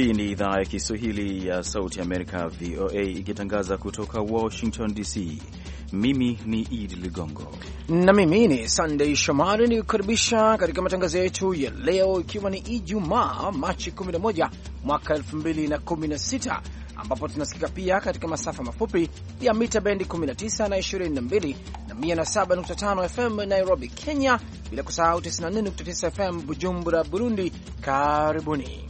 Hii ni idhaa ya Kiswahili ya Sauti Amerika, VOA, ikitangaza kutoka Washington DC. Mimi ni Idi Ligongo na mimi ni Sandei Shomari, ni kukaribisha katika matangazo yetu ya leo, ikiwa ni Ijumaa Machi 11 mwaka 2016 ambapo tunasikika pia katika masafa mafupi ya mita bendi 19 na 22 na 107.5 FM Nairobi, Kenya, bila kusahau 94.9 FM Bujumbura, Burundi. Karibuni.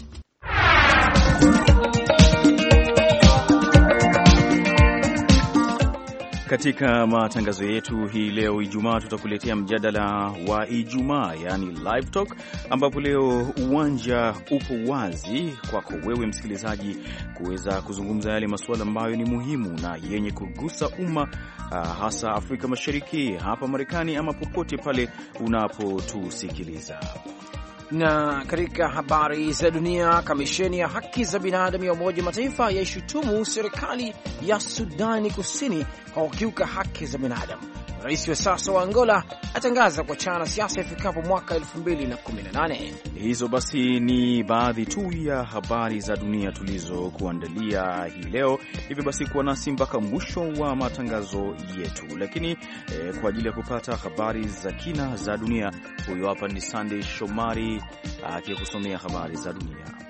Katika matangazo yetu hii leo Ijumaa, tutakuletea mjadala wa Ijumaa yaani live talk, ambapo leo uwanja upo wazi kwako wewe msikilizaji kuweza kuzungumza yale masuala ambayo ni muhimu na yenye kugusa umma, ah, hasa Afrika Mashariki, hapa Marekani ama popote pale unapotusikiliza. Na katika habari za dunia, kamisheni ya haki za binadamu ya Umoja Mataifa yaishutumu serikali ya Sudani Kusini kwa kukiuka haki za binadamu Rais wa sasa wa Angola atangaza kuachana na siasa ifikapo mwaka 2018. Hizo basi ni baadhi tu ya habari za dunia tulizokuandalia hii leo. Hivyo basi kuwa nasi mpaka mwisho wa matangazo yetu, lakini eh, kwa ajili ya kupata habari za kina za dunia, huyo hapa ni Sandey Shomari akikusomea habari za dunia.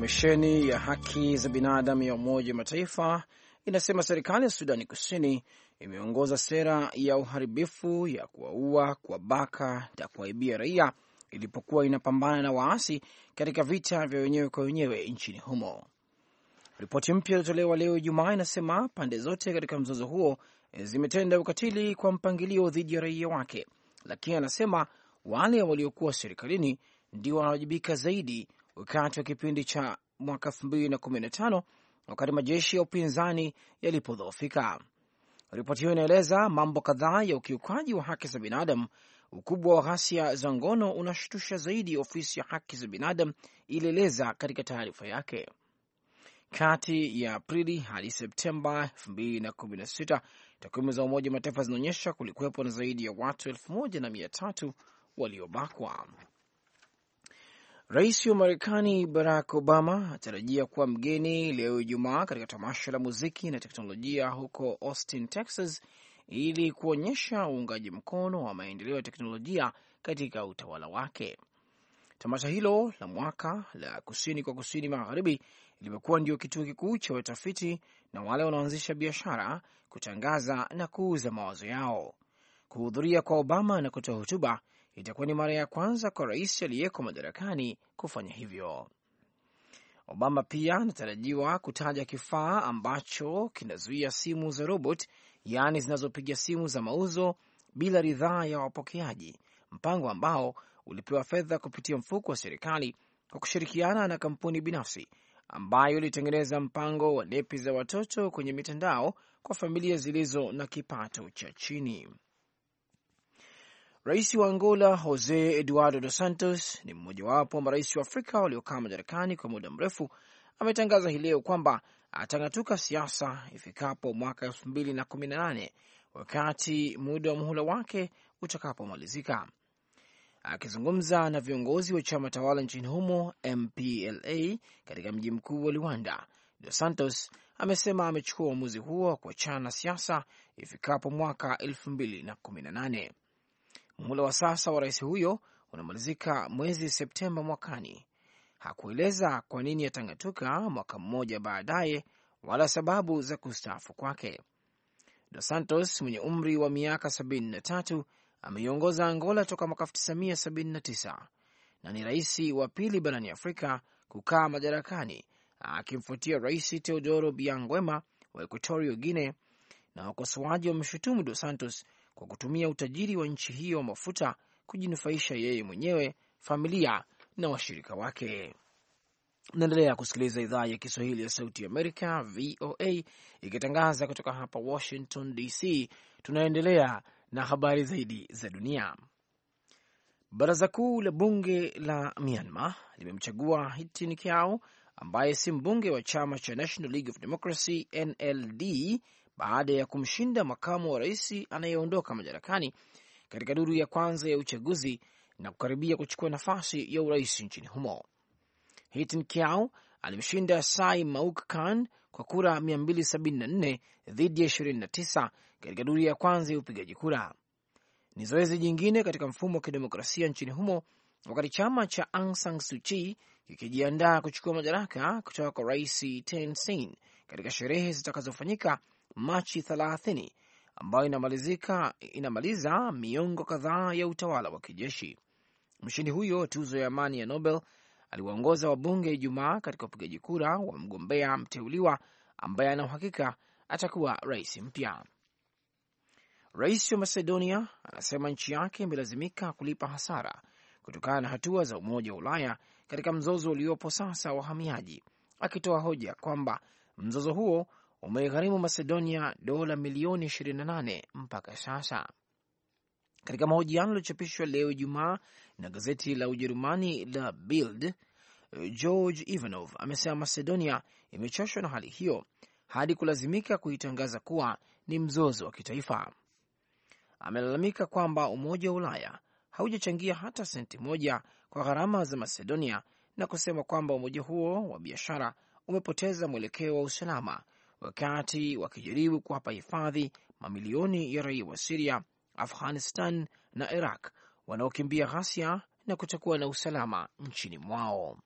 Kamisheni ya haki za binadamu ya Umoja wa Mataifa inasema serikali ya Sudani Kusini imeongoza sera ya uharibifu ya kuwaua, kuwabaka na kuwaibia raia ilipokuwa inapambana na waasi katika vita vya wenyewe kwa wenyewe nchini humo. Ripoti mpya iliyotolewa leo Ijumaa inasema pande zote katika mzozo huo zimetenda ukatili kwa mpangilio dhidi ya raia wake, lakini anasema wale waliokuwa serikalini ndio wanawajibika zaidi wakati wa kipindi cha mwaka 215 wakati majeshi ya upinzani yalipodhoofika. Ripoti hiyo inaeleza mambo kadhaa ya ukiukaji wa haki za binadamu. Ukubwa wa ghasia za ngono unashtusha zaidi, ofisi ya haki za binadamu ilieleza katika taarifa yake. Kati ya Aprili hadi Septemba 2016 takwimu za Umoja wa Mataifa zinaonyesha kulikuwepo na zaidi ya watu elfu waliobakwa. Rais wa Marekani Barack Obama atarajia kuwa mgeni leo Ijumaa katika tamasha la muziki na teknolojia huko Austin, Texas, ili kuonyesha uungaji mkono wa maendeleo ya teknolojia katika utawala wake. Tamasha hilo la mwaka la kusini kwa kusini magharibi limekuwa ndio kituo kikuu cha watafiti na wale wanaoanzisha biashara kutangaza na kuuza mawazo yao. Kuhudhuria kwa Obama na kutoa hotuba itakuwa ni mara ya kwanza kwa rais aliyeko madarakani kufanya hivyo. Obama pia anatarajiwa kutaja kifaa ambacho kinazuia simu za robot, yaani zinazopiga simu za mauzo bila ridhaa ya wapokeaji, mpango ambao ulipewa fedha kupitia mfuko wa serikali kwa kushirikiana na kampuni binafsi ambayo ilitengeneza mpango wa nepi za watoto kwenye mitandao kwa familia zilizo na kipato cha chini. Rais wa Angola Jose Eduardo Dos Santos ni mmojawapo wa marais wa Afrika waliokaa madarakani kwa muda mrefu. Ametangaza hii leo kwamba atang'atuka siasa ifikapo mwaka elfu mbili na kumi na nane wakati muda wa muhula wake utakapomalizika. Akizungumza na viongozi wa chama tawala nchini humo MPLA katika mji mkuu wa Luanda, Dos Santos amesema amechukua uamuzi huo wa kuachana na siasa ifikapo mwaka elfu mbili na kumi na nane. Muhula wa sasa wa rais huyo unamalizika mwezi Septemba mwakani. Hakueleza kwa nini atang'atuka mwaka mmoja baadaye wala sababu za kustaafu kwake. Dos Santos mwenye umri wa miaka 73 ameiongoza Angola toka mwaka 1979 na ni rais wa pili barani Afrika kukaa madarakani akimfuatia Rais Teodoro Biangwema wa Equatorio Guine, na wakosoaji wa mshutumu Dos Santos kwa kutumia utajiri wa nchi hiyo wa mafuta kujinufaisha yeye mwenyewe, familia na washirika wake. Naendelea kusikiliza idhaa ya Kiswahili ya Sauti Amerika, VOA, ikitangaza kutoka hapa Washington DC. Tunaendelea na habari zaidi za dunia. Baraza kuu la bunge la Myanmar limemchagua Hitin Kyaw ambaye si mbunge wa chama cha National League of Democracy NLD baada ya kumshinda makamu wa rais anayeondoka madarakani katika duru ya kwanza ya uchaguzi na kukaribia kuchukua nafasi ya urais nchini humo. Hitin Kiau alimshinda Sai Mauk kan kwa kura 274 dhidi ya 29 katika duru ya kwanza ya upigaji kura. Ni zoezi jingine katika mfumo wa kidemokrasia nchini humo, wakati chama cha Aung San Suu Kyi kikijiandaa kuchukua madaraka kutoka kwa rais Thein Sein katika sherehe zitakazofanyika Machi 30 ambayo inamalizika, inamaliza miongo kadhaa ya utawala wa kijeshi. Mshindi huyo tuzo ya amani ya Nobel aliwaongoza wabunge Ijumaa katika upigaji kura wa mgombea mteuliwa ambaye ana uhakika atakuwa rais mpya. Rais wa Macedonia anasema nchi yake imelazimika kulipa hasara kutokana na hatua za Umoja wa Ulaya katika mzozo uliopo sasa wa wahamiaji, akitoa hoja kwamba Mzozo huo umeigharimu Macedonia dola milioni 28 mpaka sasa. Katika mahojiano yaliyochapishwa leo Ijumaa na gazeti la Ujerumani la Bild, George Ivanov amesema Macedonia imechoshwa na hali hiyo hadi kulazimika kuitangaza kuwa ni mzozo wa kitaifa. Amelalamika kwamba Umoja wa Ulaya haujachangia hata senti moja kwa gharama za Macedonia na kusema kwamba umoja huo wa biashara umepoteza mwelekeo wa usalama wakati wakijaribu kuwapa hifadhi mamilioni ya raia wa Siria, Afghanistan na Iraq wanaokimbia ghasia na kutokuwa na usalama nchini mwao.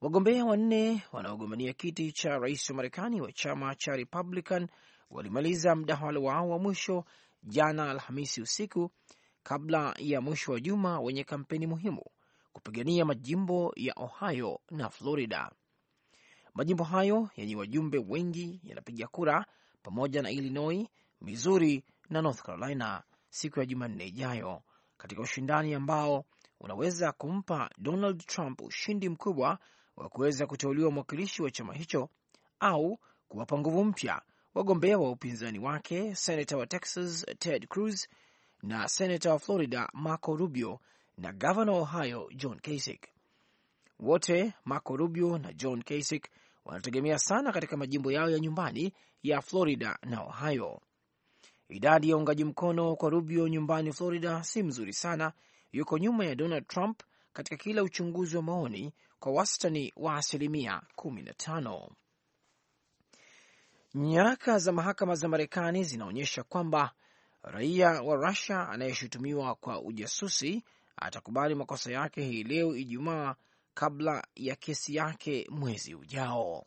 Wagombea wanne wanaogombania kiti cha rais wa Marekani wa chama cha Republican walimaliza mdahalo wao wa mwisho jana Alhamisi usiku kabla ya mwisho wa juma wenye kampeni muhimu kupigania majimbo ya Ohio na Florida. Majimbo hayo yenye wajumbe wengi yanapiga kura pamoja na Illinois, Missouri na North Carolina siku ya Jumanne ijayo katika ushindani ambao unaweza kumpa Donald Trump ushindi mkubwa wa kuweza kuteuliwa mwakilishi wa chama hicho au kuwapa nguvu mpya wagombea wa upinzani wake senata wa Texas Ted Cruz na senata wa Florida Marco Rubio na gavana wa Ohio John Kasich. Wote Marco Rubio na John Kasich wanategemea sana katika majimbo yao ya nyumbani ya Florida na Ohio. Idadi ya uungaji mkono kwa Rubio nyumbani Florida si mzuri sana, yuko nyuma ya Donald Trump katika kila uchunguzi wa maoni kwa wastani wa asilimia 15. Nyaraka za mahakama za Marekani zinaonyesha kwamba raia wa Rusia anayeshutumiwa kwa ujasusi atakubali makosa yake hii leo Ijumaa kabla ya kesi yake mwezi ujao.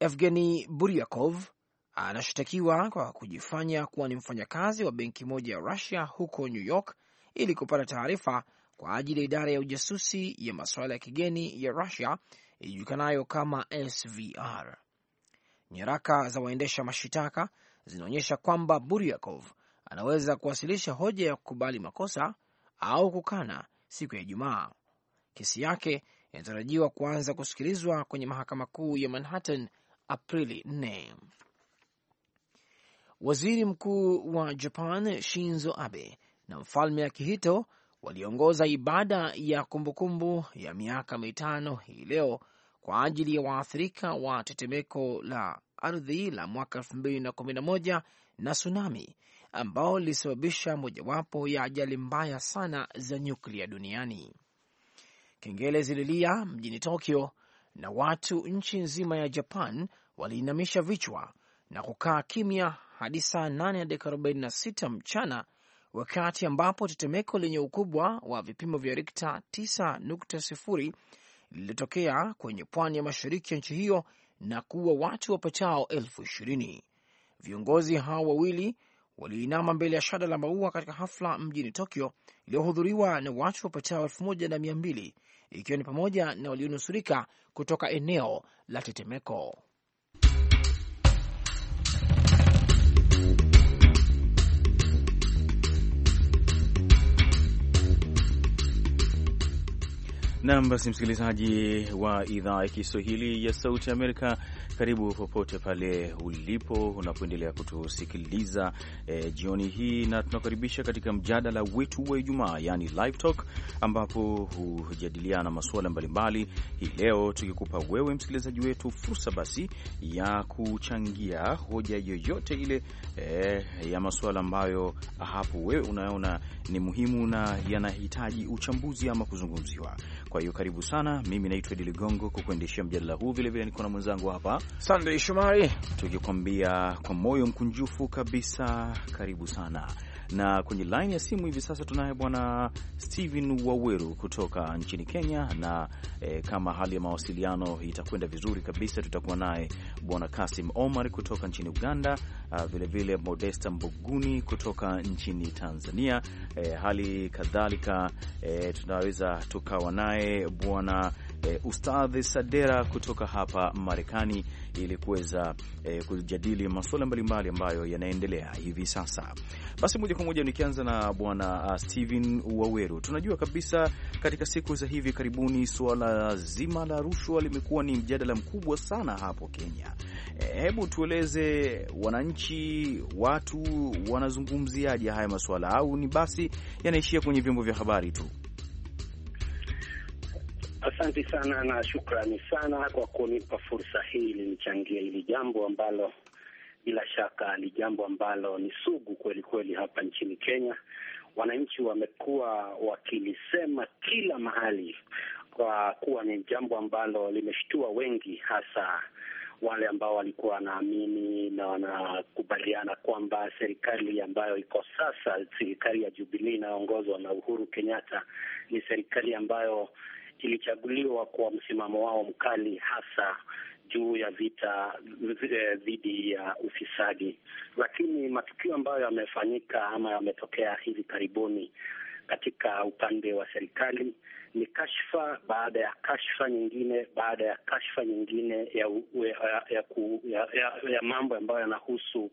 Evgeni Buryakov anashtakiwa kwa kujifanya kuwa ni mfanyakazi wa benki moja ya Rusia huko New York ili kupata taarifa kwa ajili ya idara ya ujasusi ya masuala ya kigeni ya Rusia ijulikanayo kama SVR. Nyaraka za waendesha mashitaka zinaonyesha kwamba Buryakov anaweza kuwasilisha hoja ya kukubali makosa au kukana siku ya Ijumaa, Kesi yake inatarajiwa kuanza kusikilizwa kwenye mahakama kuu ya Manhattan Aprili 4. Waziri mkuu wa Japan Shinzo Abe na mfalme Akihito waliongoza ibada ya kumbukumbu ya miaka mitano hii leo kwa ajili ya waathirika wa tetemeko la ardhi la mwaka 2011 na tsunami ambao lilisababisha mojawapo ya ajali mbaya sana za nyuklia duniani. Kengele zililia mjini Tokyo na watu nchi nzima ya Japan waliinamisha vichwa na kukaa kimya hadi saa 8 dakika 46 mchana, wakati ambapo tetemeko lenye ukubwa wa vipimo vya Rikta 9.0 lililotokea kwenye pwani ya mashariki ya nchi hiyo na kuua watu wapatao elfu ishirini. Viongozi hao wawili waliinama mbele ya shada la maua katika hafla mjini Tokyo iliyohudhuriwa na watu wapatao elfu moja na mia mbili ikiwa ni pamoja na walionusurika kutoka eneo la tetemeko. Nam, basi msikilizaji wa idhaa ya Kiswahili ya Sauti Amerika, karibu popote pale ulipo unapoendelea kutusikiliza e, jioni hii, na tunakaribisha katika mjadala wetu wa Ijumaa, yani Live Talk, ambapo hujadiliana masuala mbalimbali hii leo, tukikupa wewe msikilizaji wetu fursa basi ya kuchangia hoja yoyote ile e, ya masuala ambayo hapo wewe unaona ni muhimu na yanahitaji uchambuzi ama kuzungumziwa kwa hiyo karibu sana, mimi naitwa Idi Ligongo kukuendeshea mjadala huu, vilevile niko na mwenzangu hapa sandey Shomari, tukikwambia kwa moyo mkunjufu kabisa, karibu sana na kwenye laini ya simu hivi sasa tunaye bwana Steven Waweru kutoka nchini Kenya, na e, kama hali ya mawasiliano itakwenda vizuri kabisa, tutakuwa naye bwana Kasim Omar kutoka nchini Uganda, vilevile ah, Modesta Mbuguni kutoka nchini Tanzania. E, hali kadhalika e, tunaweza tukawa naye bwana e, Ustadh Sadera kutoka hapa Marekani ili kuweza e, kujadili masuala mbalimbali ambayo yanaendelea hivi sasa. Basi moja kwa moja nikianza na bwana ah, Steven Waweru, tunajua kabisa katika siku za hivi karibuni suala zima la rushwa limekuwa ni mjadala mkubwa sana hapo Kenya. E, hebu tueleze wananchi, watu wanazungumziaje haya masuala, au ni basi yanaishia kwenye vyombo vya habari tu? Asante sana na shukrani sana kwa kunipa fursa hii linichangia hili jambo ambalo bila shaka ni jambo ambalo ni sugu kweli kweli hapa nchini Kenya. Wananchi wamekuwa wakilisema kila mahali, kwa kuwa ni jambo ambalo limeshtua wengi, hasa wale ambao walikuwa wanaamini na wanakubaliana kwamba serikali ambayo iko sasa, serikali ya Jubilee inayoongozwa na Uhuru Kenyatta, ni serikali ambayo kilichaguliwa kwa msimamo wao mkali hasa juu ya vita eh, dhidi ya ufisadi. Lakini matukio ambayo yamefanyika ama yametokea hivi karibuni katika upande wa serikali ni kashfa baada ya kashfa nyingine baada ya kashfa nyingine ya ya, ya, ku, ya, ya, ya mambo ambayo yanahusu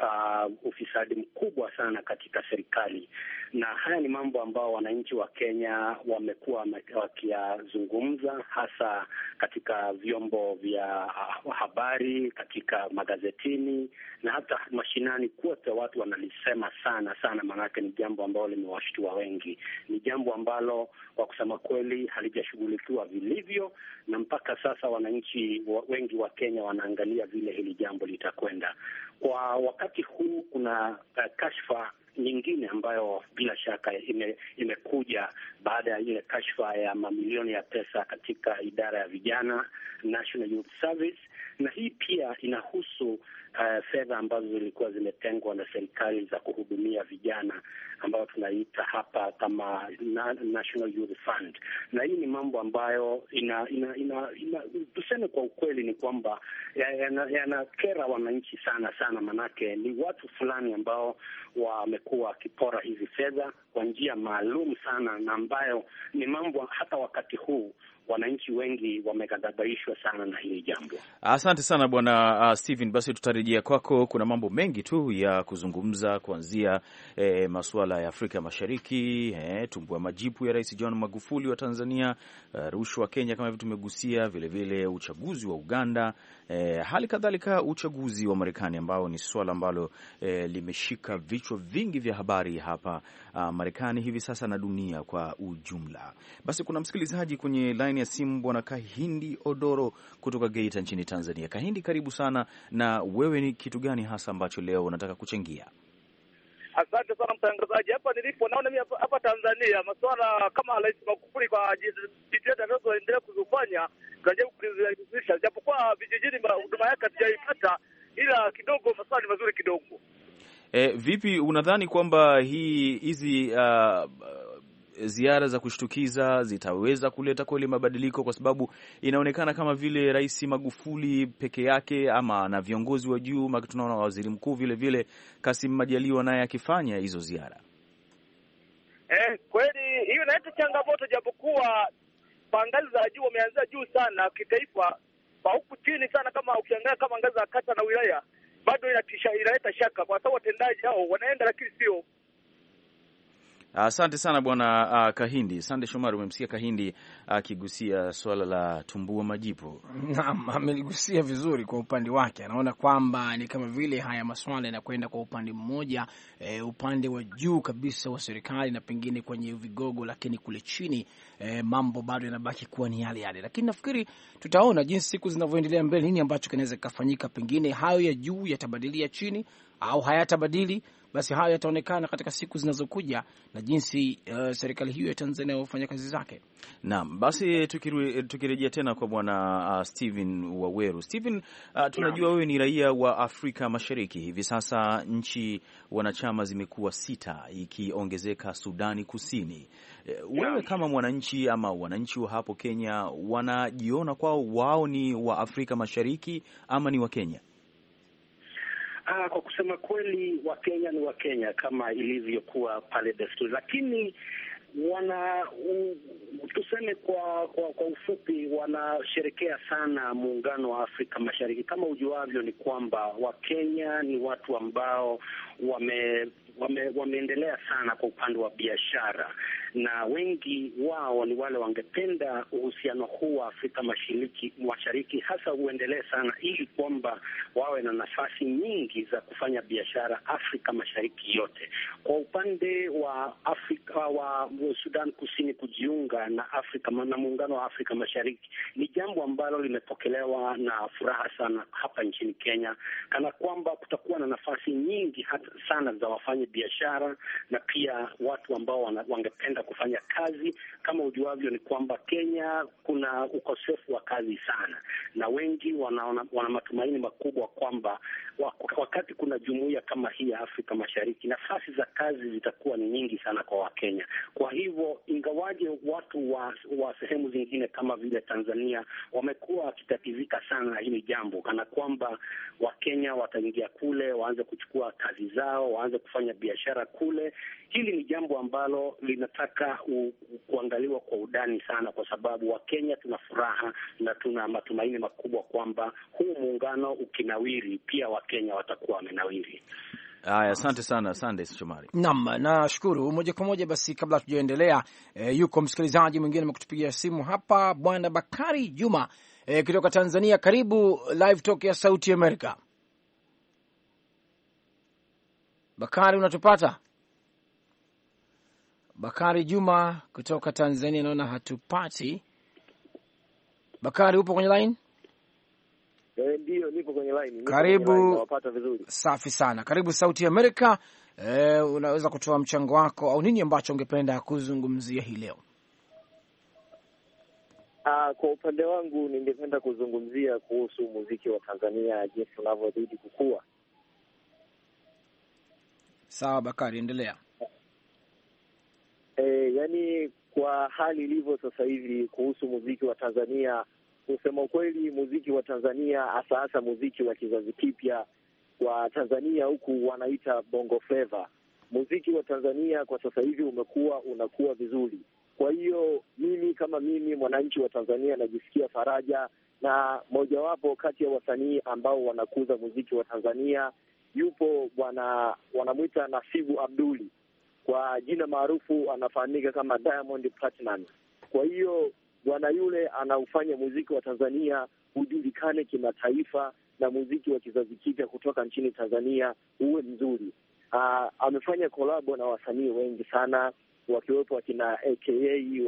uh, ufisadi mkubwa sana katika serikali, na haya ni mambo ambayo wananchi wa Kenya wamekuwa wakiyazungumza, hasa katika vyombo vya habari, katika magazetini na hata mashinani, kote watu wanalisema sana sana, maanake ni jambo ambalo limewashtua wengi, ni jambo ambalo kwa kusema kweli halijashughulikiwa vilivyo, na mpaka sasa wananchi wengi wa Kenya wanaangalia vile hili jambo litakwenda. Kwa wakati huu kuna eh, kashfa nyingine ambayo bila shaka ime, imekuja baada ya ile kashfa ya mamilioni ya pesa katika idara ya vijana National Youth Service, na hii pia inahusu uh, fedha ambazo zilikuwa zimetengwa na serikali za kuhudumia vijana ambayo tunaita hapa kama National Youth Fund, na hii ni mambo ambayo ina, ina, ina, ina tuseme kwa ukweli ni kwamba yanakera ya, ya wananchi sana sana, manake ni watu fulani ambao wamekuwa wakipora hizi fedha kwa njia maalum sana, na ambayo ni mambo hata wakati huu wananchi wengi wameghadhabishwa sana na hili jambo. Asante sana bwana uh, Steven, basi tutarejea kwako. Kuna mambo mengi tu ya kuzungumza kuanzia eh, masuala ya Afrika Mashariki eh, ya majipu ya Rais John Magufuli wa Tanzania, uh, rushwa Kenya kama hivyo tumegusia, vilevile uchaguzi wa Uganda, eh, hali kadhalika uchaguzi wa Marekani ambao ni swala ambalo eh, limeshika vichwa vingi vya habari hapa uh, Marekani hivi sasa na dunia kwa ujumla. Basi kuna msikilizaji kwenye line laini ya simu Bwana Kahindi Odoro kutoka Geita nchini Tanzania. Kahindi, karibu sana. Na wewe ni kitu gani hasa ambacho leo unataka kuchangia? Asante sana mtangazaji. Hapa nilipo naona mi hapa Tanzania masuala kama Rais Magufuli kwa jitihada anazoendelea kuzifanya tunajaribu kuziaisisha, japokuwa vijijini huduma yake hatujaipata, ila kidogo masuala ni mazuri kidogo. E, vipi unadhani kwamba hii hizi uh, ziara za kushtukiza zitaweza kuleta kweli mabadiliko, kwa sababu inaonekana kama vile Rais Magufuli peke yake ama na viongozi wa juu, tunaona waziri mkuu vilevile Kasim Majaliwa naye akifanya hizo ziara. Eh, kweli hiyo inaleta changamoto, japokuwa kwa ngazi za juu wameanzia juu sana kitaifa, kwa huku chini sana, kama ukiangalia kama ngazi za kata na wilaya, bado inatisha, inaleta shaka kwa sababu watendaji hao wanaenda, lakini sio Asante sana bwana uh, Kahindi. Sande Shomari, umemsikia Kahindi akigusia uh, swala la tumbua majipu. Naam, ameligusia vizuri kwa upande wake, anaona kwamba ni kama vile haya maswala yanakwenda kwa upande mmoja e, upande wa juu kabisa wa serikali na pengine kwenye vigogo, lakini kule chini e, mambo bado yanabaki kuwa ni yale yale, lakini nafikiri tutaona jinsi siku zinavyoendelea mbele, nini ambacho kinaweza kikafanyika. Pengine hayo ya juu yatabadilia chini au hayatabadili basi hayo yataonekana katika siku zinazokuja na jinsi uh, serikali hiyo ya Tanzania hufanya kazi zake. Naam, basi tukirejea tena kwa bwana uh, Steven Waweru. Steven, uh, tunajua wewe ni raia wa Afrika Mashariki. Hivi sasa nchi wanachama zimekuwa sita, ikiongezeka Sudani Kusini. Eh, wewe kama mwananchi ama wananchi wa hapo Kenya wanajiona kwao wao ni wa Afrika Mashariki ama ni wa Kenya? Aa, ah, kwa kusema kweli Wakenya ni Wakenya kama ilivyokuwa pale desturi, lakini wana u, tuseme kwa, kwa kwa ufupi wanasherekea sana muungano wa Afrika Mashariki. Kama ujuavyo ni kwamba Wakenya ni watu ambao wame wame- wameendelea sana kwa upande wa biashara na wengi wao ni wale wangependa uhusiano huu wa Afrika Mashariki Mashariki hasa uendelee sana, ili kwamba wawe na nafasi nyingi za kufanya biashara Afrika Mashariki yote. Kwa upande wa Afrika wa Sudan Kusini kujiunga na Afrika na muungano wa Afrika Mashariki ni jambo ambalo limepokelewa na furaha sana hapa nchini Kenya, kana kwamba kutakuwa na nafasi nyingi hata sana za wafanya biashara na pia watu ambao wana, wangependa kufanya kazi. Kama ujuavyo ni kwamba Kenya kuna ukosefu wa kazi sana, na wengi wana, wana matumaini makubwa kwamba wakati kuna jumuiya kama hii ya Afrika Mashariki, nafasi za kazi zitakuwa ni nyingi sana kwa Wakenya. Kwa hivyo ingawaje watu wa, wa sehemu zingine kama vile Tanzania wamekuwa wakitatizika sana hili jambo, kana kwamba Wakenya wataingia kule waanze kuchukua kazi zao, waanze kufanya biashara kule. Hili ni jambo ambalo linataka u, u, kuangaliwa kwa udani sana, kwa sababu Wakenya tuna furaha na tuna matumaini makubwa kwamba huu muungano ukinawiri, pia Wakenya watakuwa wamenawiri. Haya, asante sana Sunday Shomari. Naam, nashukuru moja kwa moja. Basi kabla tujaendelea e, eh, yuko msikilizaji mwingine amekutupigia simu hapa, Bwana Bakari Juma e, kutoka Tanzania. Karibu Live Talk ya Sauti Amerika. Bakari, unatupata? Bakari Juma kutoka Tanzania, naona hatupati. Bakari, upo kwenye line? Eh, ndio nipo kwenye line. Karibu. Safi sana, karibu Sauti ya Amerika. E, unaweza kutoa mchango wako au nini ambacho ungependa kuzungumzia hii leo? Uh, kwa upande wangu ningependa kuzungumzia kuhusu muziki wa Tanzania jinsi unavyozidi kukua. Sawa Bakari, endelea. E, yani kwa hali ilivyo sasa hivi kuhusu muziki wa Tanzania, kusema ukweli, muziki wa Tanzania hasa hasa muziki wa kizazi kipya wa Tanzania huku wanaita bongo fleva muziki wa Tanzania kwa sasa hivi umekuwa unakuwa vizuri. Kwa hiyo mimi kama mimi mwananchi wa Tanzania najisikia faraja, na mojawapo kati ya wasanii ambao wanakuza muziki wa Tanzania yupo bwana wanamwita Nasibu Abduli, kwa jina maarufu anafahamika kama Diamond Platinum. Kwa hiyo bwana yule anaufanya muziki wa Tanzania hujulikane kimataifa na muziki wa kizazi kipya kutoka nchini Tanzania uwe mzuri. Uh, amefanya kolabo na wasanii wengi sana wakiwepo wakina aka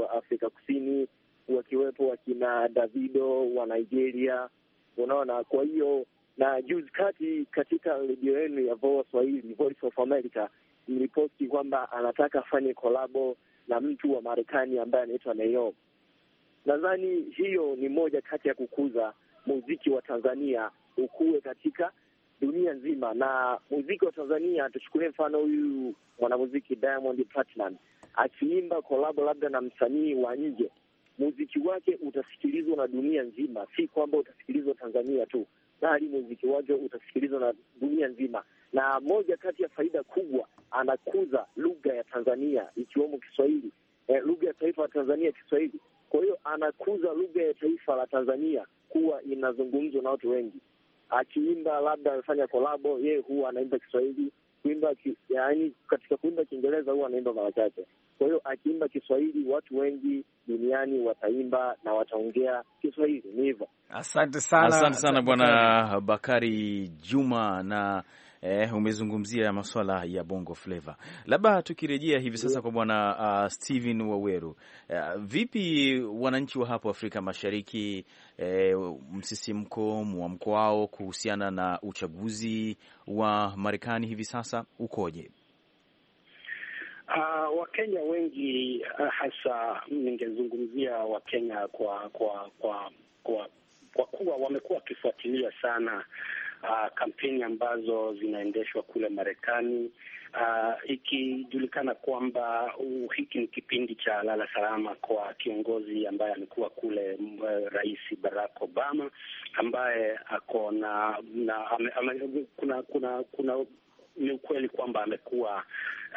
wa Afrika Kusini, wakiwepo wakina Davido wa Nigeria, unaona. Kwa hiyo na juzi kati katika redio yenu ya VOA Swahili, Voice of America, mliposti kwamba anataka afanye kolabo na mtu wa Marekani ambaye anaitwa Neo. Nadhani hiyo ni moja kati ya kukuza muziki wa Tanzania ukuwe katika dunia nzima, na muziki wa Tanzania tuchukulie mfano huyu mwanamuziki Diamond Platnumz akiimba kolabo labda na msanii wa nje, muziki wake utasikilizwa na dunia nzima, si kwamba utasikilizwa Tanzania tu bali muziki wake utasikilizwa na dunia nzima, na moja kati ya faida kubwa, anakuza lugha ya Tanzania ikiwemo Kiswahili, eh, lugha ya taifa la Tanzania Kiswahili. Kwa hiyo anakuza lugha ya taifa la Tanzania kuwa inazungumzwa na watu wengi. Akiimba labda amefanya kolabo, yeye huwa anaimba Kiswahili kuimba ki, yaani katika kuimba Kiingereza huwa anaimba mara chache. Kwa hiyo akiimba Kiswahili, watu wengi duniani wataimba na wataongea Kiswahili. Ni hivyo. Asante sana, asante sana Bwana Bakari Juma na Eh, umezungumzia masuala ya Bongo Flava. Labda tukirejea hivi sasa kwa bwana uh, Steven Waweru, uh, vipi wananchi wa hapo Afrika Mashariki eh, msisimko mwamko wao kuhusiana na uchaguzi wa Marekani hivi sasa ukoje? Uh, Wakenya wengi uh, hasa ningezungumzia Wakenya kwa kwa kwa kwa kwa kuwa wamekuwa wakifuatilia sana uh, kampeni ambazo zinaendeshwa kule Marekani uh, ikijulikana kwamba uh, hiki ni kipindi cha lala salama kwa kiongozi ambaye amekuwa kule, uh, Rais Barack Obama ambaye ako na, na ame, ame, kuna kuna kuna ni ukweli kwamba amekuwa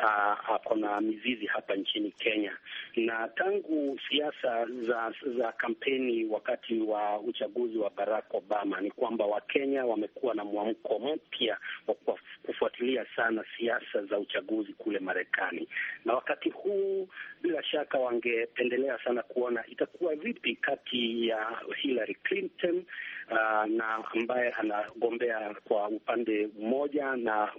ah, ako na mizizi hapa nchini Kenya, na tangu siasa za za kampeni wakati wa uchaguzi wa Barack Obama ni kwamba Wakenya wamekuwa na mwamko mpya wa kufuatilia sana siasa za uchaguzi kule Marekani, na wakati huu bila shaka wangependelea sana kuona itakuwa vipi kati ya Hillary Clinton uh, na ambaye anagombea kwa upande mmoja na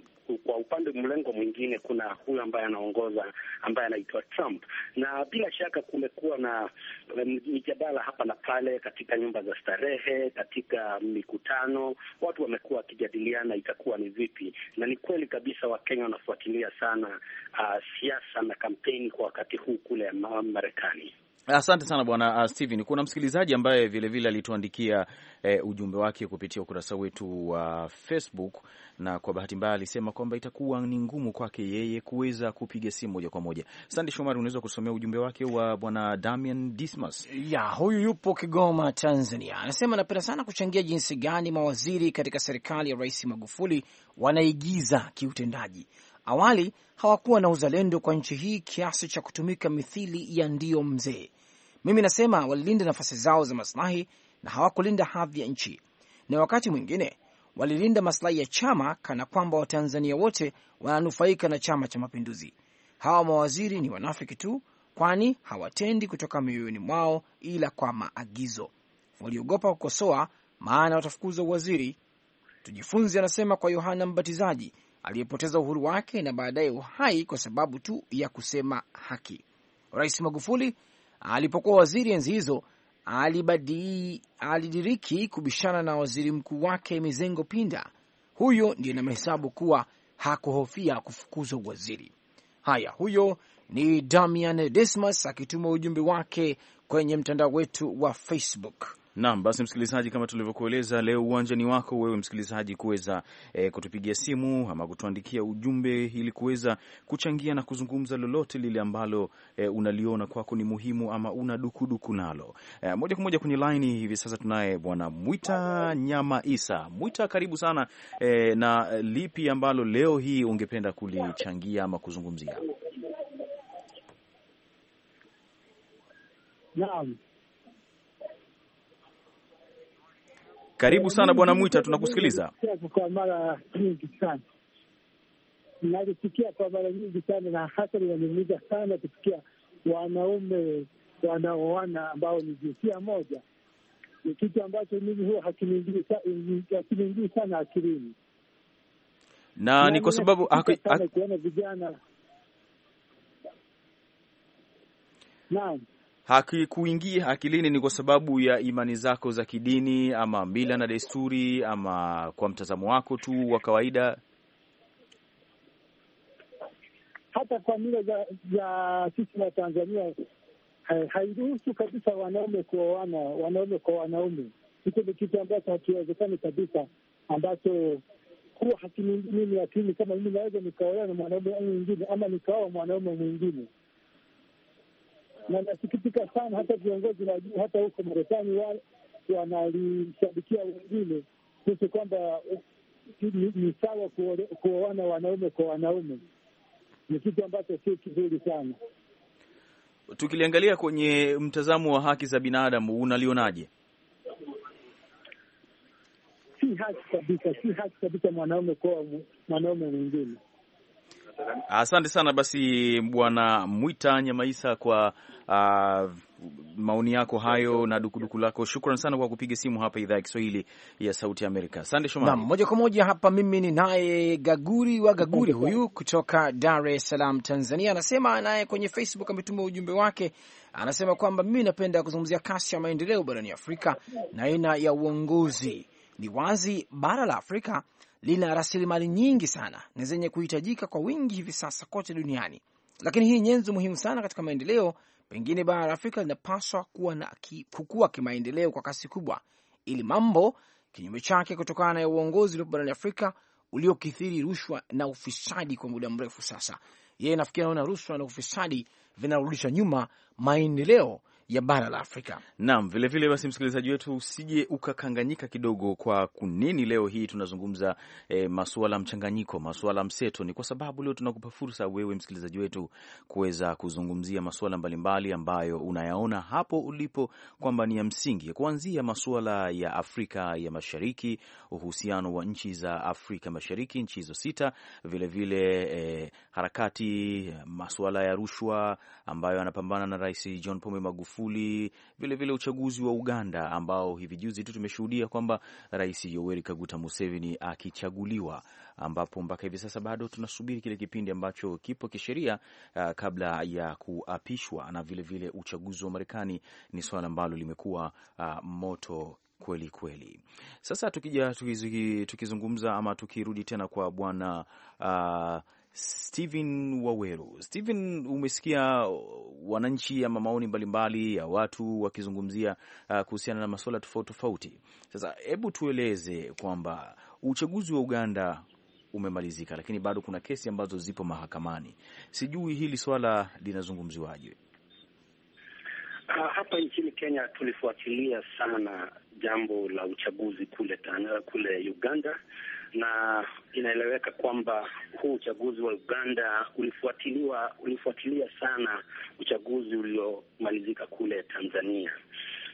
kwa upande mlengo mwingine kuna huyo ambaye anaongoza ambaye anaitwa Trump, na bila shaka kumekuwa na um, mijadala hapa na pale, katika nyumba za starehe, katika mikutano, watu wamekuwa wakijadiliana itakuwa ni vipi, na ni kweli kabisa Wakenya wanafuatilia sana uh, siasa na kampeni kwa wakati huu kule Marekani. Asante sana bwana uh, Steven. Kuna msikilizaji ambaye vilevile alituandikia eh, ujumbe wake kupitia ukurasa wetu wa uh, Facebook, na kwa bahati mbaya alisema kwamba itakuwa ni ngumu kwake yeye kuweza kupiga simu moja kwa moja. Sande Shomari, unaweza kusomea ujumbe wake wa bwana Damian Dismas? Ya huyu yupo Kigoma, Tanzania, anasema anapenda sana kuchangia jinsi gani mawaziri katika serikali ya Rais Magufuli wanaigiza kiutendaji Awali hawakuwa na uzalendo kwa nchi hii kiasi cha kutumika mithili ya ndiyo mzee. Mimi nasema walilinda nafasi zao za maslahi na hawakulinda hadhi ya nchi, na wakati mwingine walilinda maslahi ya chama kana kwamba Watanzania wote wananufaika na Chama cha Mapinduzi. Hawa mawaziri ni wanafiki tu, kwani hawatendi kutoka mioyoni mwao, ila kwa maagizo. Waliogopa kukosoa, maana watafukuza uwaziri. Tujifunze, anasema kwa Yohana Mbatizaji aliyepoteza uhuru wake na baadaye uhai kwa sababu tu ya kusema haki. Rais Magufuli alipokuwa waziri enzi hizo alidiriki kubishana na waziri mkuu wake Mizengo Pinda. Huyo ndiye namhesabu kuwa hakuhofia kufukuzwa uwaziri. Haya, huyo ni Damian Desmas akituma ujumbe wake kwenye mtandao wetu wa Facebook. Naam, basi msikilizaji, kama tulivyokueleza, leo uwanja ni wako wewe msikilizaji kuweza e, kutupigia simu ama kutuandikia ujumbe ili kuweza kuchangia na kuzungumza lolote lile ambalo e, unaliona kwako ni muhimu ama una dukuduku nalo. E, moja kwa moja kwenye laini hivi sasa tunaye bwana Mwita Nyama Isa. Mwita, karibu sana e, na lipi ambalo leo hii ungependa kulichangia ama kuzungumzia? Naam. Karibu sana Bwana Mwita, tunakusikiliza. Kwa mara nyingi sana nalisikia kwa mara nyingi sana, na hasa linaniumiza sana kusikia wanaume wanaoana ambao ni jinsia moja. Ni kitu ambacho mimi huwa hakiniingii sana akilini, na ni yaani kwa sababu akiona vijana naam hakikuingia akilini ni kwa sababu ya imani zako za kidini ama mila na desturi ama kwa mtazamo wako tu wa kawaida? Hata kwa mila za, za sisi wa Tanzania hairuhusu kabisa wanaume kuoana, wanaume kwa wanaume. Hicho ni kitu ambacho hakiwezekani kabisa, ambacho huwa hakiniingii mimi kama mimi naweza nikaoana na mwanaume mwingine ama nikaoa mwanaume mwingine na nasikitika sana, hata viongozi wa juu hata huko Marekani wanalishabikia wengine kuhusu kwamba ni sawa kuoana wanaume kwa wanaume, ni kitu ambacho sio kizuri sana. Tukiliangalia kwenye mtazamo wa haki za binadamu, unalionaje? Si haki kabisa, si haki kabisa mwanaume kwa mwanaume mwingine. Asante sana basi Bwana Mwita Nyamaisa kwa uh, maoni yako hayo na dukuduku lako. Shukran sana kwa kupiga simu hapa idhaa ya Kiswahili ya Sauti ya Amerika. Asante Shomari. Naam, moja kwa moja hapa mimi ni naye Gaguri wa Gaguri huyu kutoka Dar es Salaam, Tanzania, anasema naye kwenye Facebook ametuma ujumbe wake, anasema kwamba mimi napenda kuzungumzia kasi ya maendeleo barani Afrika na aina ya uongozi. Ni wazi bara la Afrika lina rasilimali nyingi sana na zenye kuhitajika kwa wingi hivi sasa kote duniani, lakini hii nyenzo muhimu sana katika maendeleo, pengine bara la Afrika linapaswa kuwa na kukua kimaendeleo kwa kasi kubwa, ili mambo kinyume chake kutokana na uongozi uliopo barani Afrika uliokithiri rushwa na ufisadi kwa muda mrefu sasa. Yeye nafikiri anaona rushwa na ufisadi vinarudisha nyuma maendeleo ya bara la Afrika. Naam, vilevile basi, msikilizaji wetu, usije ukakanganyika kidogo kwa kunini leo hii tunazungumza e, masuala mchanganyiko, masuala mseto. Ni kwa sababu leo tunakupa fursa wewe msikilizaji wetu kuweza kuzungumzia masuala mbalimbali ambayo unayaona hapo ulipo kwamba ni ya msingi, kuanzia masuala ya Afrika ya Mashariki, uhusiano wa nchi za Afrika Mashariki, nchi hizo sita, vilevile vile, e, harakati, masuala ya rushwa ambayo anapambana na Rais John Pombe Magufuli Magufuli, vilevile uchaguzi wa Uganda ambao hivi juzi tu tumeshuhudia kwamba Rais Yoweri Kaguta Museveni akichaguliwa, ambapo mpaka hivi sasa bado tunasubiri kile kipindi ambacho kipo kisheria uh, kabla ya kuapishwa, na vilevile vile uchaguzi wa Marekani ni swala ambalo limekuwa uh, moto kweli kweli. Sasa tukija tukizungumza ama tukirudi tena kwa bwana uh, Stephen Waweru. Stephen, umesikia uh, wananchi ama maoni mbalimbali ya watu wakizungumzia uh, kuhusiana na masuala tofauti tofauti. Sasa hebu tueleze kwamba uchaguzi wa Uganda umemalizika, lakini bado kuna kesi ambazo zipo mahakamani. Sijui hili swala linazungumziwaje? Uh, hapa nchini Kenya tulifuatilia sana jambo la uchaguzi kule, kule Uganda na inaeleweka kwamba huu uchaguzi wa Uganda ulifuatiliwa ulifuatilia sana uchaguzi uliomalizika kule Tanzania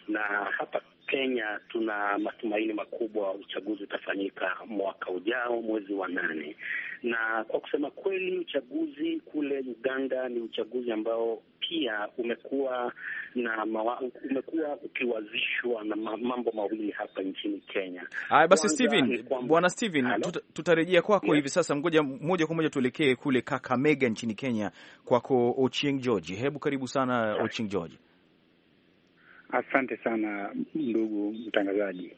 na hapa Kenya tuna matumaini makubwa uchaguzi utafanyika mwaka ujao mwezi wa nane. Na kwa kusema kweli, uchaguzi kule Uganda ni uchaguzi ambao pia umekuwa na mawa, umekuwa ukiwazishwa na mambo mawili hapa nchini Kenya. Haya basi, Steven, bwana Steven, tuta, tutarejea kwako hivi sasa. Ngoja moja kwa moja tuelekee kule Kakamega nchini Kenya, kwako Ochieng George. Hebu karibu sana Ochieng George. Asante sana ndugu mtangazaji.